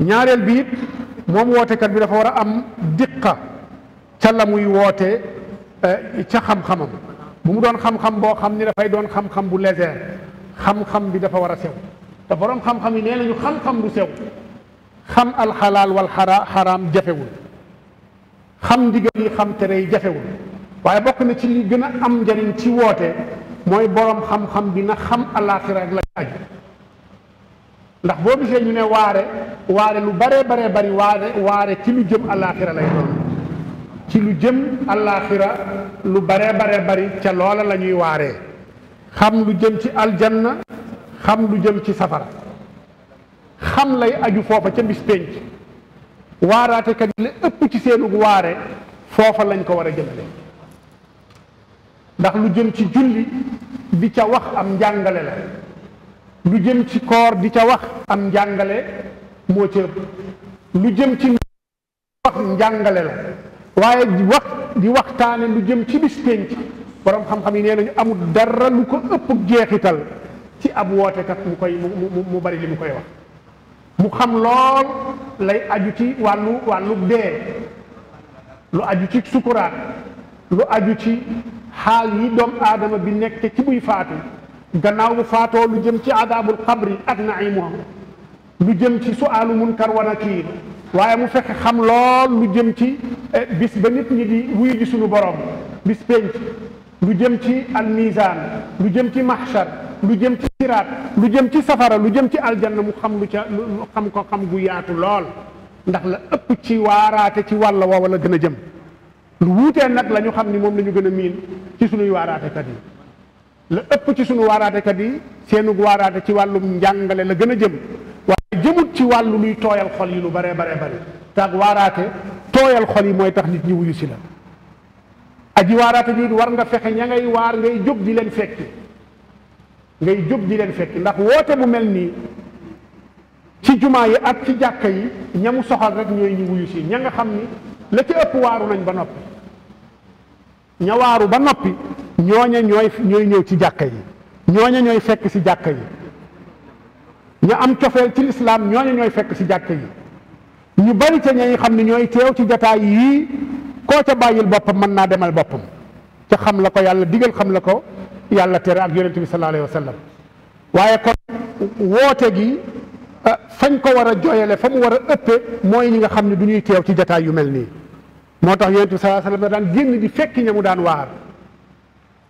B: ñaareel bi moom woote kat bi dafa war a am diqa ca la muy woote eh, ca xam-xamam bu mu doon xam-xam boo xam ni dafay doon xam-xam bu léger xam-xam bi dafa war a sew te boroom xam-xam yi ne nañu xam-xam bu sew xam alxalaal wal xara xaraam jafewul xam ndigal yi xam tere jafewul waaye bokk na ci li gën a am njariñ ci woote mooy boroom xam-xam bi na xam alaaxira ak la aju ndax boo gisee ñu ne waare waare lu baree baree bari waare waare ci lu jëm alaaxira lay doon ci lu jëm àllaaxira lu baree baree bari ca loola la ñuy waaree xam lu jëm ci aljanna xam lu jëm ci safara xam lay aju foofa ca bis waaraatekat la ëpp ci seenug waare foofa lañ ko war a jëmale ndax lu jëm ci julli di ca wax am njàngale la lu jëm ci koor di ca wax am njàngale moo ca lu jëm ci wax njàngale la waaye di wax di waxtaane lu jëm ci bis pénc borom xam-xam yi nee nañu amul dara lu ko ëpp jeexital ci ab wootekat mu koy mu mu mu bari li mu koy wax mu xam lool lay aju ci wàllu wàllu dee lu aju ci sukuraat lu aju ci xaal yi doom aadama bi nekk ci buy faatu gannaaw bu faatoo lu jëm ci adaabul qabri ak naimuha lu jëm ci su munkar wa nakiir waaye mu fekk xam lool lu jëm ci eh, bis ba nit ñi di wuyu ji suñu borom bis penc lu jëm ci almizaan lu jëm ci mahshar lu jëm ci siraat lu jëm ci safara lu jëm ci aljanna mu xam lu ca lu xam ko xam gu yaatu lool ndax la ëpp ci waaraate ci wàll woowa la gën a jëm lu wuutee nag la ñu xam ni moom lañu gën a miin ci suñuy waaraatekat yi la ëpp ci suñu waaraatekat yi seenu waarate ci wàllum njàngale la gën a jëm wàllu luy tooyal xol yi lu baree baree bëri taag waaraate tooyal xol yi mooy tax nit ñi wuyu si la aji waaraate nit war nga fexe ña ngay waar ngay jóg di leen fekki ngay jóg di leen fekki ndax woote bu mel nii ci jumaa yi at ci jàkka yi ña mu soxal rek ñooy ñu wuyu si ña nga xam ni la ci ëpp waaru nañ ba noppi ña waaru ba noppi ñooña ñooy ñooy ñëw ci jàkka yi ñooña ñooy fekk si jàkka yi ñu am cofeel ci lislaam ñooñu ñooy fekk ci jàkk yi ñu bari ca ña xam ne ñooy teew ci jataay yii koo ca bàyyil boppam mën naa demal boppam ca xam la ko yàlla digal xam la ko yàlla tere ak yonent bi sallallahu waaye kon woote gi ah, fañ ko war a jooyale fa mu war a ëppee mooy ñi nga xam ne du ñuy teew ci jataay yu mel nii moo tax yonent bi sallallahu alayhi wa daan génn di fekki ña mu daan waar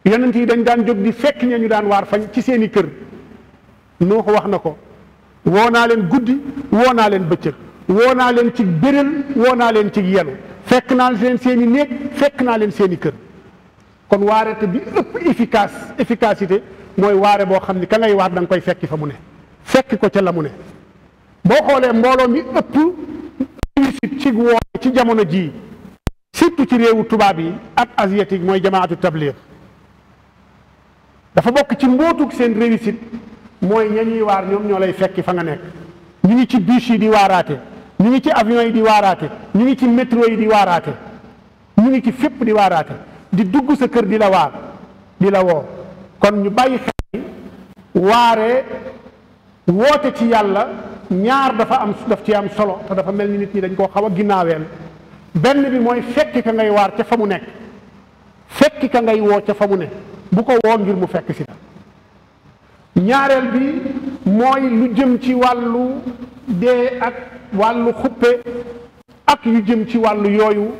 B: yonent yi dañ daan jóg di fekki ña ñu daan waar fa ci seeni kër nuux wax na ko woo naa leen guddi woo naa leen bëccëg woo naa leen cig bérél woo naa leen cig yenu fekk naa leen seen i néeg fekk naa leen seeni kër kon waarete bi ëpp efficace efficacité mooy waare boo xam ni ka ngay waar danga koy fekki fa mu ne fekk ko ca la mu ne boo xoolee mbooloo mi ëpp réussite ci woo ci jamono jii surtout ci réewu tubaab yi at asiatique mooy jamaatu tablir dafa bokk ci mbootuk seen réussite mooy ñañuy waar ñoom ñoo lay fekki fa nga nekk ñu ngi ci bus yi di waaraate ñu ngi ci avion yi di waaraate ñu ngi ci métro yi di waaraate ñu ngi ci fépp di waaraate di dugg sa kër di la waar di la woo kon ñu bàyyi xel ni waare woote ci yàlla ñaar dafa am daf ci am solo te dafa mel ni nit ñi dañ koo xaw a ginnaaweel benn bi mooy fekki ka ngay waar ca fa mu nekk fekki ka ngay woo ca fa mu ne bu ko woo ngir mu fekk si la ñaareel bi mooy lu jëm ci wàllu dee ak wàllu xuppe ak yu jëm ci wàllu yooyu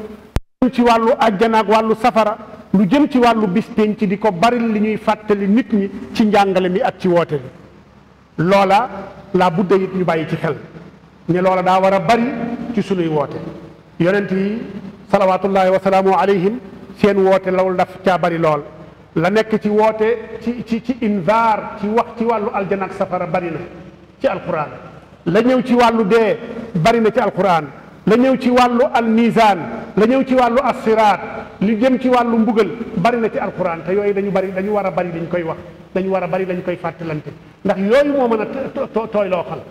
B: jëm ci wàllu àjjana ak wàllu safara lu jëm ci wàllu bis penc di ko bari li ñuy fàttali nit ñi ci njàngale mi ak ci woote bi loola laa budda it ñu bàyyi ci xel ne loola daa war a bari ci sunuy woote yonent yi salawaatullahi wa salaamu alayhim seen woote lawul daf caa bari lool la nekk ci woote ci ci ci invaar ci wax ci wàllu aljana ak safara bari na ci alquran la ñëw ci wàllu dee bari na ci alquran la ñëw ci wàllu almizaan la ñëw ci wàllu assiraat li jëm ci wàllu mbugal bari na ci alquran te yooyu dañu bari dañu war a bari dañ koy wax dañu war a bari dañ koy fàttalante ndax yooyu moo mën a tooy loo xal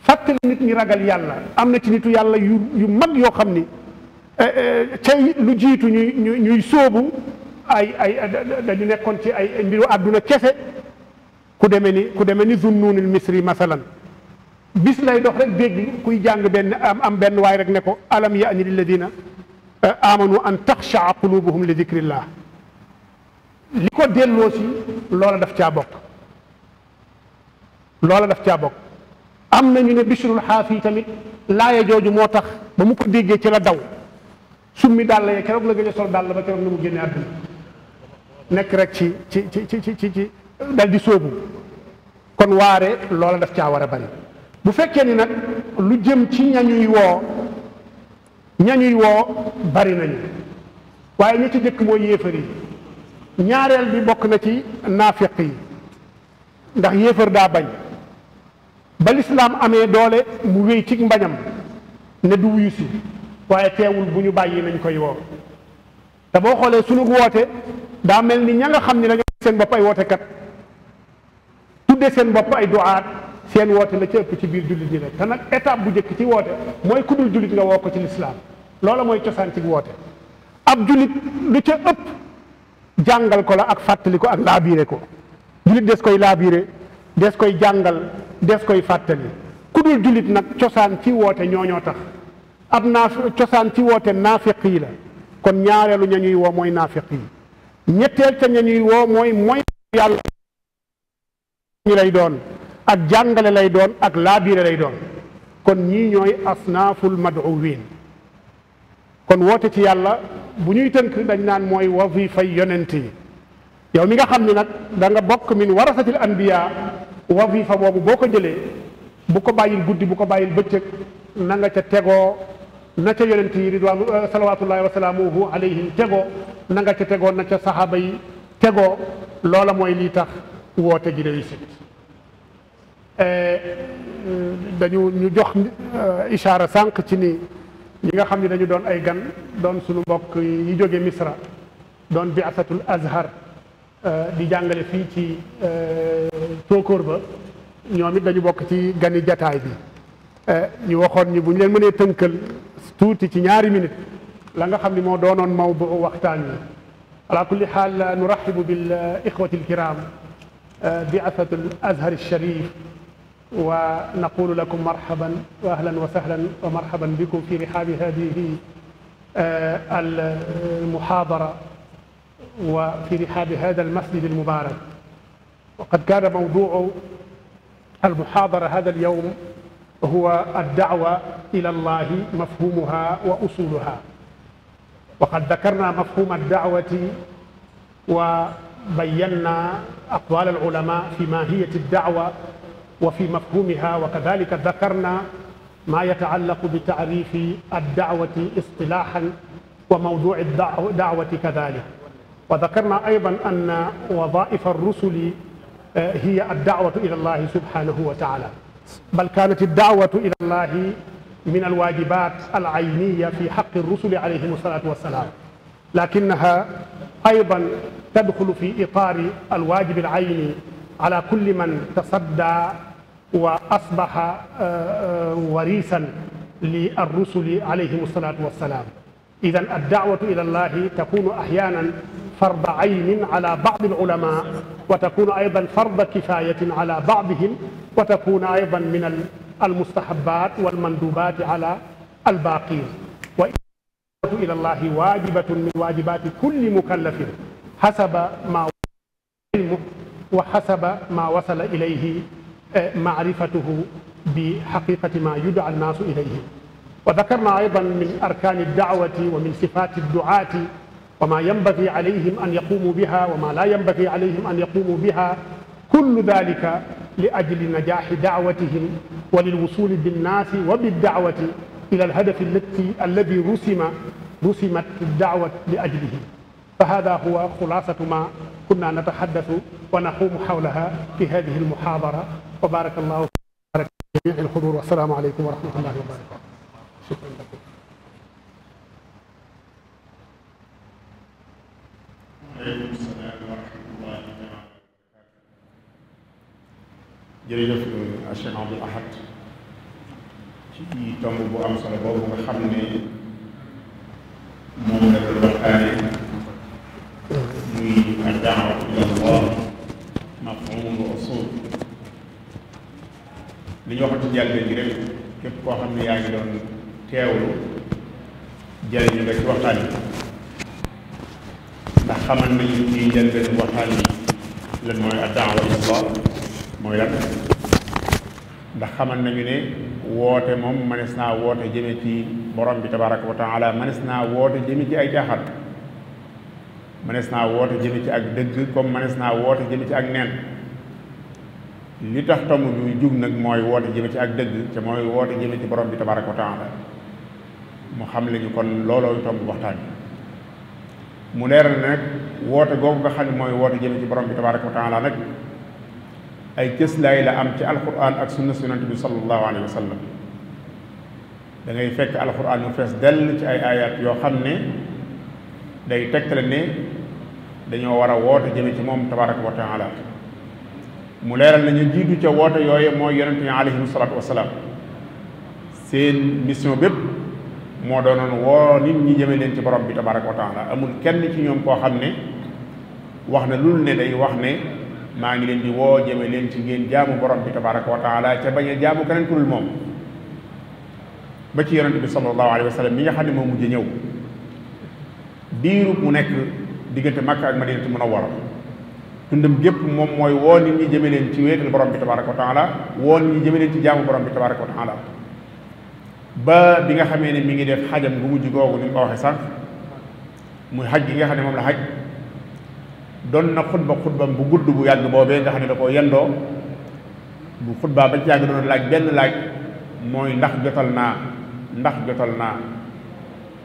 B: fàttali nit ñi ragal yàlla am na ci nitu yàlla yu yu mag yoo xam ni eh, eh, cay lu jiitu ñuy ñuy sóobu ay ay dañu nekkoon ci ay mbiru àdduna kese ku demee ni ku demee ni zunnuunil misri masalan bis lay dox rek dégg kuy jàng benn am am benn waay rek ne ko alam yaani lilladina amanu an taxshaa qulubuhum li dikrillah li ko delloo si loola daf caa bokk loola daf caa bokk am nañu ne bishrul xaafi tamit laaya jooju moo tax ba mu ko déggee ci la daw summi dàll ya keroog la gën a sol dàll ba keroog na mu génne àdduna nekk rek ci ci ci ci ci ci dal di sóobu kon waare loola daf caa war a bari bu fekkee ni nag lu jëm ci ñañuy woo ñañuy woo bari nañu waaye ñi ci jëkk mooy yéefar yi ñaareel bi bokk na ci naafiq yi ndax yéefar daa bañ ba lislaam amee doole mu wéy ci mbañam ne du wuyu si waaye teewul bu ñu bàyyi nañ koy woo te boo xoolee sunu woote daa mel ni ña nga xam ni dañoo seen bopp ay wootekat tudde seen bopp ay duaat seen woote la ci ëpp ci biir jullit ñi la te nag étape bu njëkk ci woote mooy ku dul jullit nga woo ko ci lislaam loola mooy cosaan ci woote ab jullit lu ca jàngal ko la ak fàttali ko ak laabiire ko jullit des koy laabiire des koy jàngal des koy fàttali ku dul nag cosaan ci woote ñooñoo tax ab naaf cosaan ci woote naafiq yi la kon ñaareelu ña ñuy woo mooy naafiq yi ñetteel te ña ñuy woo mooy mooy yàlla lay doon ak jàngale lay doon ak laabiire lay doon kon ñii ñooy asnaaful maduwin kon woote ci yàlla bu ñuy tënk dañ naan mooy wazifay yonent yi yow mi nga xam ni nag da bokk min warasatil anbiya wazifa boobu boo ko jëlee bu ko bàyyil guddi bu ko bàyyil bëccëg na nga ca tegoo na ca yonent yi ridwaanu eh, salawaatullaahi wa salaamuhu alayhim tegoo na nga ca tegoo na ca saxaaba yi tegoo loola mooy lii tax woote ji réussite eh, dañu ñu jox eh, ishaara sànq ci ni ñi nga xam ni dañu doon ay gan doon suñu mbokk yi jóge misra doon biasatul azhar di jàngale fii ci tóokóor ba ñoom it dañu bokk ci gani jataay bi Eh, ñu waxoon ñi bu ñu leen mënee tënkal tuuti ci ñaari minute la nga xam ne moo doonoon maw bu waxtaan wi ala kulli xaal nurahibu bil eh, ixwati alkiram eh, bi'athatu al azhar alsharif wa naqulu lakum marhaban wa ahlan wa sahlan wa marhaban bikum fi rihaabi hadihi al muhaadara wa fi rihaabi hada almasjid almubarak وقد كان موضوع المحاضرة هذا اليوم huwa addaawa ila allahi mafhumuha wa usuluha wa qad dakarna mafhuma addaawati wa bayanna aqwal alulama fi mahiyati addaawa wa fi mafhumiha wa kadalika dakarna ma yataallaqu bi taarifi addaawati istilahan wa mawduci daawati kadalik wa dakarna aydan anna wadaifa arrusuli eh, hiya addawatu ila allahi subhanahu wa taala bal kaanat daawatu ila allahi min alwajibat alayniya fi xaqi rusuli alayhim asalatu wassalaam lakinaha aydan tadxulu fi itaari alwajib alayni ala kulli man tasadda wa asbaha warisan li arrusuli alayhim asalatu wassalaam idan addaawatu ila allahi takunu ahyaanan farda aynin ala baadi alulama wa takunu aydan farda kifayatin ala baadihim wa takunu aydan min almustahabat walmandubat ala albaqin wa addaawatu ila allahi waajibatun min waajibati kulli mukallafin hasaba ma ilmu wa hasaba ma wasala ilayhi maarifatuhu bi xaqiqati ma yudaa annaasu ilayhi وذكرنا أيضا من أركان الدعوة ومن صفات الدعاة وما ينبغي عليهم أن يقوموا بها وما لا ينبغي عليهم أن يقوموا بها كل ذلك لأجل نجاح دعوتهم وللوصول بالناس وبالدعوة إلى الهدف التي الذي رسم رسمت الدعوة لأجله فهذا هو خلاصة ما كنا نتحدث ونقوم حولها في هذه المحاضرة وبارك الله في جميع الحضور والسلام عليكم ورحمة الله وبركاته
C: aleykum salaam wa rahmatullahi taala
A: wa barakaatu jërëjëf Cheikh Abdoul Ahad bu am solo boobu xam ne moom la ko muy addawa Allah mafhum wa usul li ñu waxati jàllee ji rek képp koo ne yaa ngi doon teewlu jëriñu nga ci waxtaan xamal nañu ci njëlbeen waxtaan yi lan mooy addaawa ilallah mooy lan ndax xamal nañu ne woote moom mënees naa woote jëme ci borom bi tabaraka wa taala naa woote jëme ci ay jaaxal mënees naa woote jëme ci ak dëgg comme mënees naa woote jëme ci ak neen li tax tomb bi jug nag mooy woote jëme ci ak dëgg te mooy woote jëme ci borom bi tabaraka wa mu xam lañu kon loolooy tomb waxtaan mu leer na nag woote googu nga xam ne mooy woote jëme ci borom bi tabaraka wa taala nag ay cëslaay la am ci alquran ak sunna su yonent bi sallallahu alayhi wa sallam da fekk alquran mu fees dell ci ay ayat yoo xam ne day tegtale ne dañoo war a woote jëme ci moom tabaraka wa taala mu leeral nañu jiitu ca woote yooye mooy yonente yi alayhim salaatu wasalaam seen mission bépp moo doonoon woo nit ñi jëme leen ci borom bi tabaraka wa taala amul kenn ci ñoom koo xam ne wax na lul ne day wax ne maa ngi leen di woo jëme leen ci ngeen jaamu borom bi tabaraka wa taala ca bañ a jaamu keneen ku ci yonente bi sallallahu alayhi wa sallam nga xam ne moo mujj ñëw diirub mu nekk diggante Makka ak Madinatu Munawwara dundam gépp moom mooy woo nit ñi jëme leen ci wéetal borom bi tabaraka wa taala woo nit ñi jëme leen ci jaamu borom bi tabaraka wa taala ba bi nga xamee ne mi ngi def xajam gu mujj googu ni mu ko waxee sànq muy xaj gi nga xam ne moom la xaj doon na xutba xutbam bu gudd bu yàgg boobee nga xam ne da koo yendoo bu xutbaa ba ci yàgg doon laaj benn laaj mooy ndax jotal naa ndax jotal naa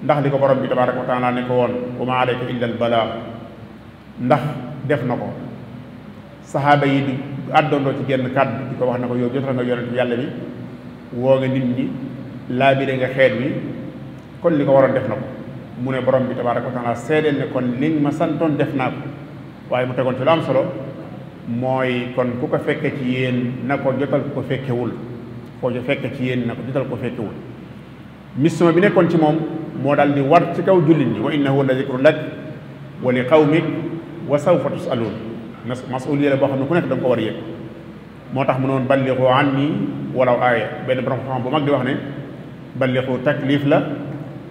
A: ndax li ko borom bi tabaaraka wa taala ne ko woon wa maa alayka illa ndax def na ko saxaaba yi di àddondoo ci genn kàddu di ko wax na ko yow jotal nga yonent yàlla bi woo nga nit ñi laabire nga xeet wi kon li ko waroon def na ko mu ne borom bi tabaaraka wa taala seedeel ne kon liñ ma santoon def naa ko waaye mu tegoon ci lu am solo mooy kon ku ko fekke ci yéen na ko jotal ku ko fekkewul foo jo fekke ci yéen na ko jotal ku ko fekkewul mission bi nekkoon ci moom moo daal di war ci kaw jullit ñi wa innahu la zikru lak wa li qawmik wa sawfa tusaluun masuuliya la boo xam ne ku nekk da ko war yëg moo tax mu noon balligu anni walaw aaya benn borom xam bu di wax ne ballixu taklif la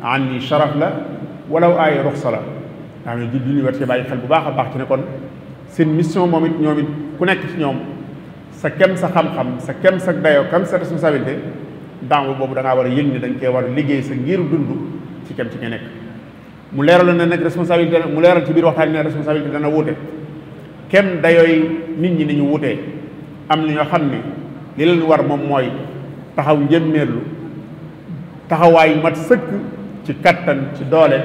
A: anni sharaf la walaw aaya ruxsa la nga xam ne jullit ñi war ci bàyyi xel bu baax a baax ci ne kon seen mission moom it ñoom it ku nekk ci ñoom sa kem sa xam-xam sa kem sa dayoo kam sa responsabilité dàngu boobu da war a yëg ni dañ koy war a liggéey sa ngiru dund ci kem ci nga nekk. mu leeral na nag responsabilité mu leeral ci biir waxtaan ne responsabilité dana wuute dayooy nit ñi ni ñu wuutee am na ñoo xam ne li leen war moom mooy taxaw njëmmeerlu taxawaay mat sëkk ci kattan ci doole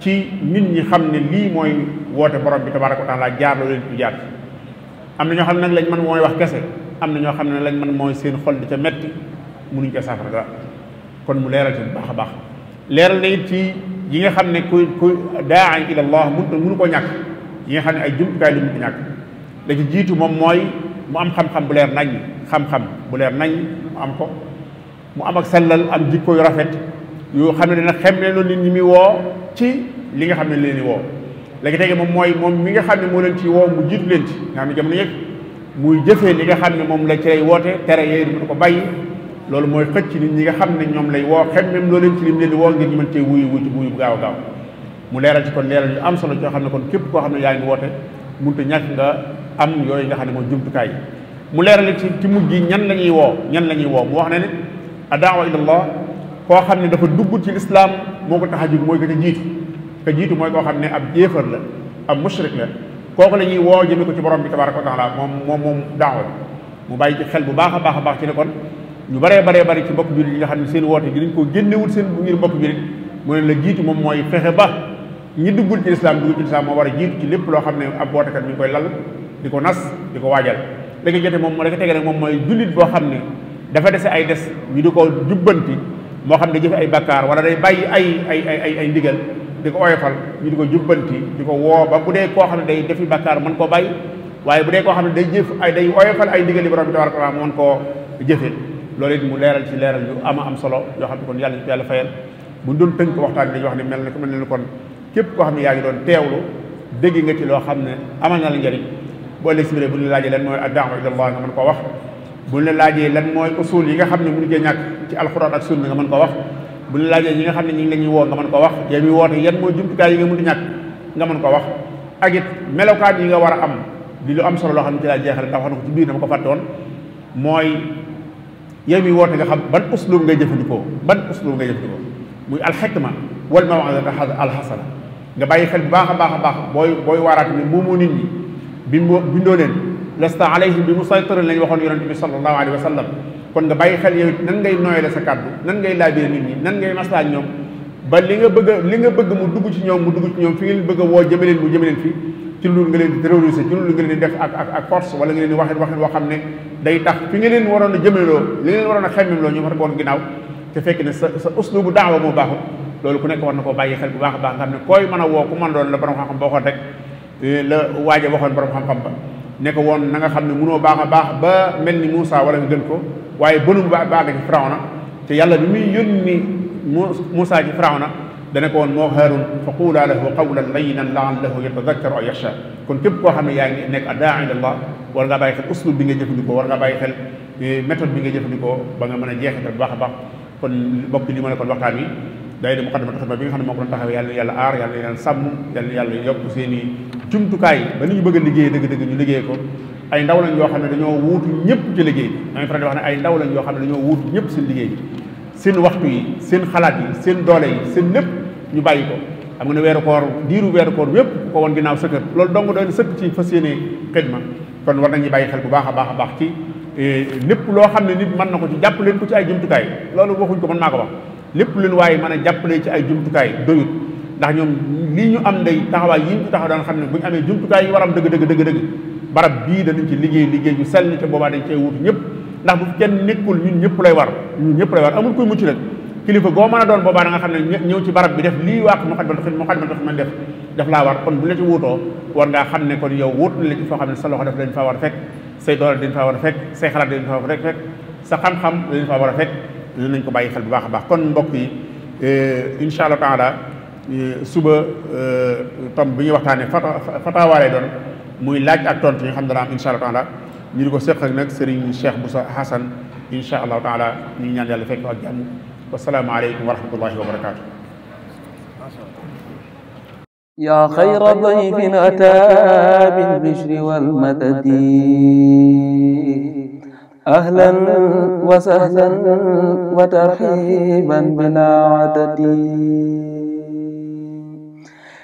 A: ci nit ñi xam ne lii mooy woote borom bi tabaaraka wa taala jaar loo leen ci jaar am na ñoo xam ne nag lañ mën mooy wax kese am na ñoo xam ne lañ mën mooy seen xol di ca metti mënuñ ca saafara dara kon mu leeral ci bu baax a baax leeral na it ci yi nga xam ne ku ku daa ila allah mun mënu ko ñàkk yi nga xam ne ay jumtukaay lu mu ko ñàkk la ci jiitu moom mooy mu am xam-xam bu leer nañ xam-xam bu leer nañ mu am ko mu am ak sellal am jikko yu rafet yoo xam ne nag xem ne loolu nit ñi muy woo ci li nga xam ne leen di woo léegi tey moom mooy moom mi nga xam ne moo leen ci woo mu jiitu leen ci nga xam ne jamono yëpp muy jëfee li nga xam ne moom la ci lay tere yooyu ko bàyyi loolu mooy xëcc nit ñi nga xam ne ñoom lay woo xem même loolu leen ci lim leen di woo ngir mën cee wuyu wuyu wuyu bu gaaw a gaaw mu leeral ci kon leeral yu am solo yoo xam ne kon képp koo xam ne yaa ngi woote mënut a ñàkk nga am yooyu nga xam ne mooy jumtukaay mu leeral ci ci mujj ñan la ñuy woo ñan la ñuy woo mu wax ne ne adaawa ilallah koo xam ne dafa dugg ci lislaam moo ko tax a jóg mooy ko ca jiitu ka jiitu mooy koo xam ne ab jéefar la ab mushrik la kooku la ñuy woo jëme ko ci borom bi tabaraka wa taala moom moom moom daawa bi mu bàyyi xel bu baax a baax a baax ci ñu baree baree bari ci mbokk jullit yi xam ne seen woote dinañ ko génnewul seen ngir moom mooy fexe ba ñi duggul ci lislaam moo war a ci lépp loo xam ne ab wootekat mi ngi lal di ko nas di ko waajal léegi jote moom la ko moom mooy jullit boo xam ne dafa dese ay des ñu di ko jubbanti moo xam ne jëfe ay bakkaar wala day bàyyi ay ay ay ay ndigal di ko oyofal ñu di ko jubbanti di ko woo ba bu dee koo xam ne day defi bakkaar mën koo bàyyi waaye bu dee koo xam ne day jëf ay day oyofal ay ndigal yi borom bi tabaraka koo jëfe loolu mu leeral ci leeral yu ama am solo yoo xam ne koon yàlla yàlla fayal bu ñu doon tënk waxtaan bi dañuy wax ne mel na mel na kon képp koo xam ne yaa ngi doon teewlu dégg nga ci loo xam ne amal na la njëriñ boo ëllëg si biir bu ñu laajee leen mooy addaama ilallah nga mën koo wax buñ la laajee lan mooy usul yi nga xam ne mënu cee ñàkk ci alxuraan ak sunna ko wax laajee ñi nga xam ne ñi ngi la ñuy woo nga mën ko wax yow mi woote yan mooy jumtukaay yi nga mënut a ñàkk nga mën ko wax ak it melokaan yi nga war a am bi lu am solo loo xam ne ci jeexale ndax wax na ko ci biir dama ko fàttoon mooy yow mi woote nga xam ban uslub nga jëfandikoo ban uslub ngay jëfandikoo muy alxikma wal mawidata alxasana nga bàyyi xel bu baax a baax a baax booy booy waaraat ni moomoo nit ñi bindoo leen lasta alayhim bi musaytirin lañ waxoon yonent bi sallallahu alayhi wa kon nga bàyyi xel nan ngay nooyale sa kàddu nan ngay laabire nit ñi nan ngay maslaa ñoom ba li nga bëgg a li nga bëgg mu dugg ci ñoom mu dugg ci ñoom fi nga leen bëgg woo jëme leen mu jëme leen fi ci loolu nga leen di terroriser ci loolu nga leen di def ak ak ak force nga leen di waxin waxin xam ne day tax fi nga leen waroon a jëmeloo li nga leen waroon a xemmemloo ñu war koon ginnaaw te fekk loolu ku nekk war na koo bàyyi xel bu baax a baax nga ne kooy mën a woo ku mën doon la borom xam eh, waxoon borom xam-xam ba ne ko woon na nga xam ne mënoo baax a baax ba mel ni muusaa wala nga gën ko waaye bënum ba baax ci Firawna te yàlla bi muy yónni Moussa ji Firawna dana ko woon moo Haarun fa quulaa lahu qawlan layyinan la'allahu yatadakkaru aw yaxsha kon képp koo xam ne yaa ngi nekk daa'i ilallah war ngaa bàyyi xel uslub bi nga jëfandikoo war eh, bi nga jëfandikoo ba mën a jeexital baax a baax kon bokk li ma ne kon waxtaan wi day xam ne moo ko doon taxawee yàlla yàlla aar yàlla yàlla sàmm yàlla yàlla yokk jumtukaay ba li ñu bëgg a liggéey dëgg-dëgg ñu liggéey ko ay ndaw lañ yoo xam ne dañoo wuutu ñëpp ci liggéey bi damay faral ne ay ndaw lañ xam ne dañoo wuutu ñëpp seen liggéey bi seen waxtu yi seen xalaat yi seen doole yi seen lépp ñu bàyyi ko am nga ne weeru koor diiru weeru koor yëpp ko woon ginnaaw sa loolu dong doon sëkk ci fas yéene xidma kon war nañuy bàyyi xel bu baax a baax a baax ci eh, lépp loo xam ne nit mën na ko ci jàpp leen ko ci ay jumtukaay loolu waxuñ ko mën maa ko wax lépp leen waaye mën a jàppale ci ay jumtukaay doyut ndax ñoom lii ñu am ndey taxawaay yi ñu taxaw daan xam ne bu ñu amee jumtukaay yi waram dëgg dëgg dëgg dëgg barab bii danañ ci liggéey liggéey yu sell te boobaa dañ cee wut ñëpp ndax bu kenn nekkul ñun ñëpp lay war ñëpp lay war amul kuy mucc nag kilifa mën a doon boobaa da nga xam ne ñëw ci barab bi def lii waaq mu xaj ma mu xaj ma dox def daf laa war kon bu la ci wuutoo war ngaa xam ne kon yow wut na la ci xam ne sa loxo def leen faa war a fekk say doole dañ faa war a fekk say xalaat dañ faa war a fekk sa xam-xam dañ faa war a fekk dinañ ko bàyyi xel bu baax a baax kon mbokk yi eh, incha allah taala suba euh, tom bi ñuy waxtaanee fatawaa lay doon muy laaj ak tontu yi nga xam dana am insha allah taala ñu di ko seq ak nag Serigne Cheikh Boussa Hassan insha allah taala ñu ñaan yàlla fekk ak jàmm wasalaamu aleykum wa rahmatullahi wa barakaatu. yaa xayra dayfin ataa bil bishri wal
C: madadi ahlan wa sahlan wa tarhiiban bilaa adadi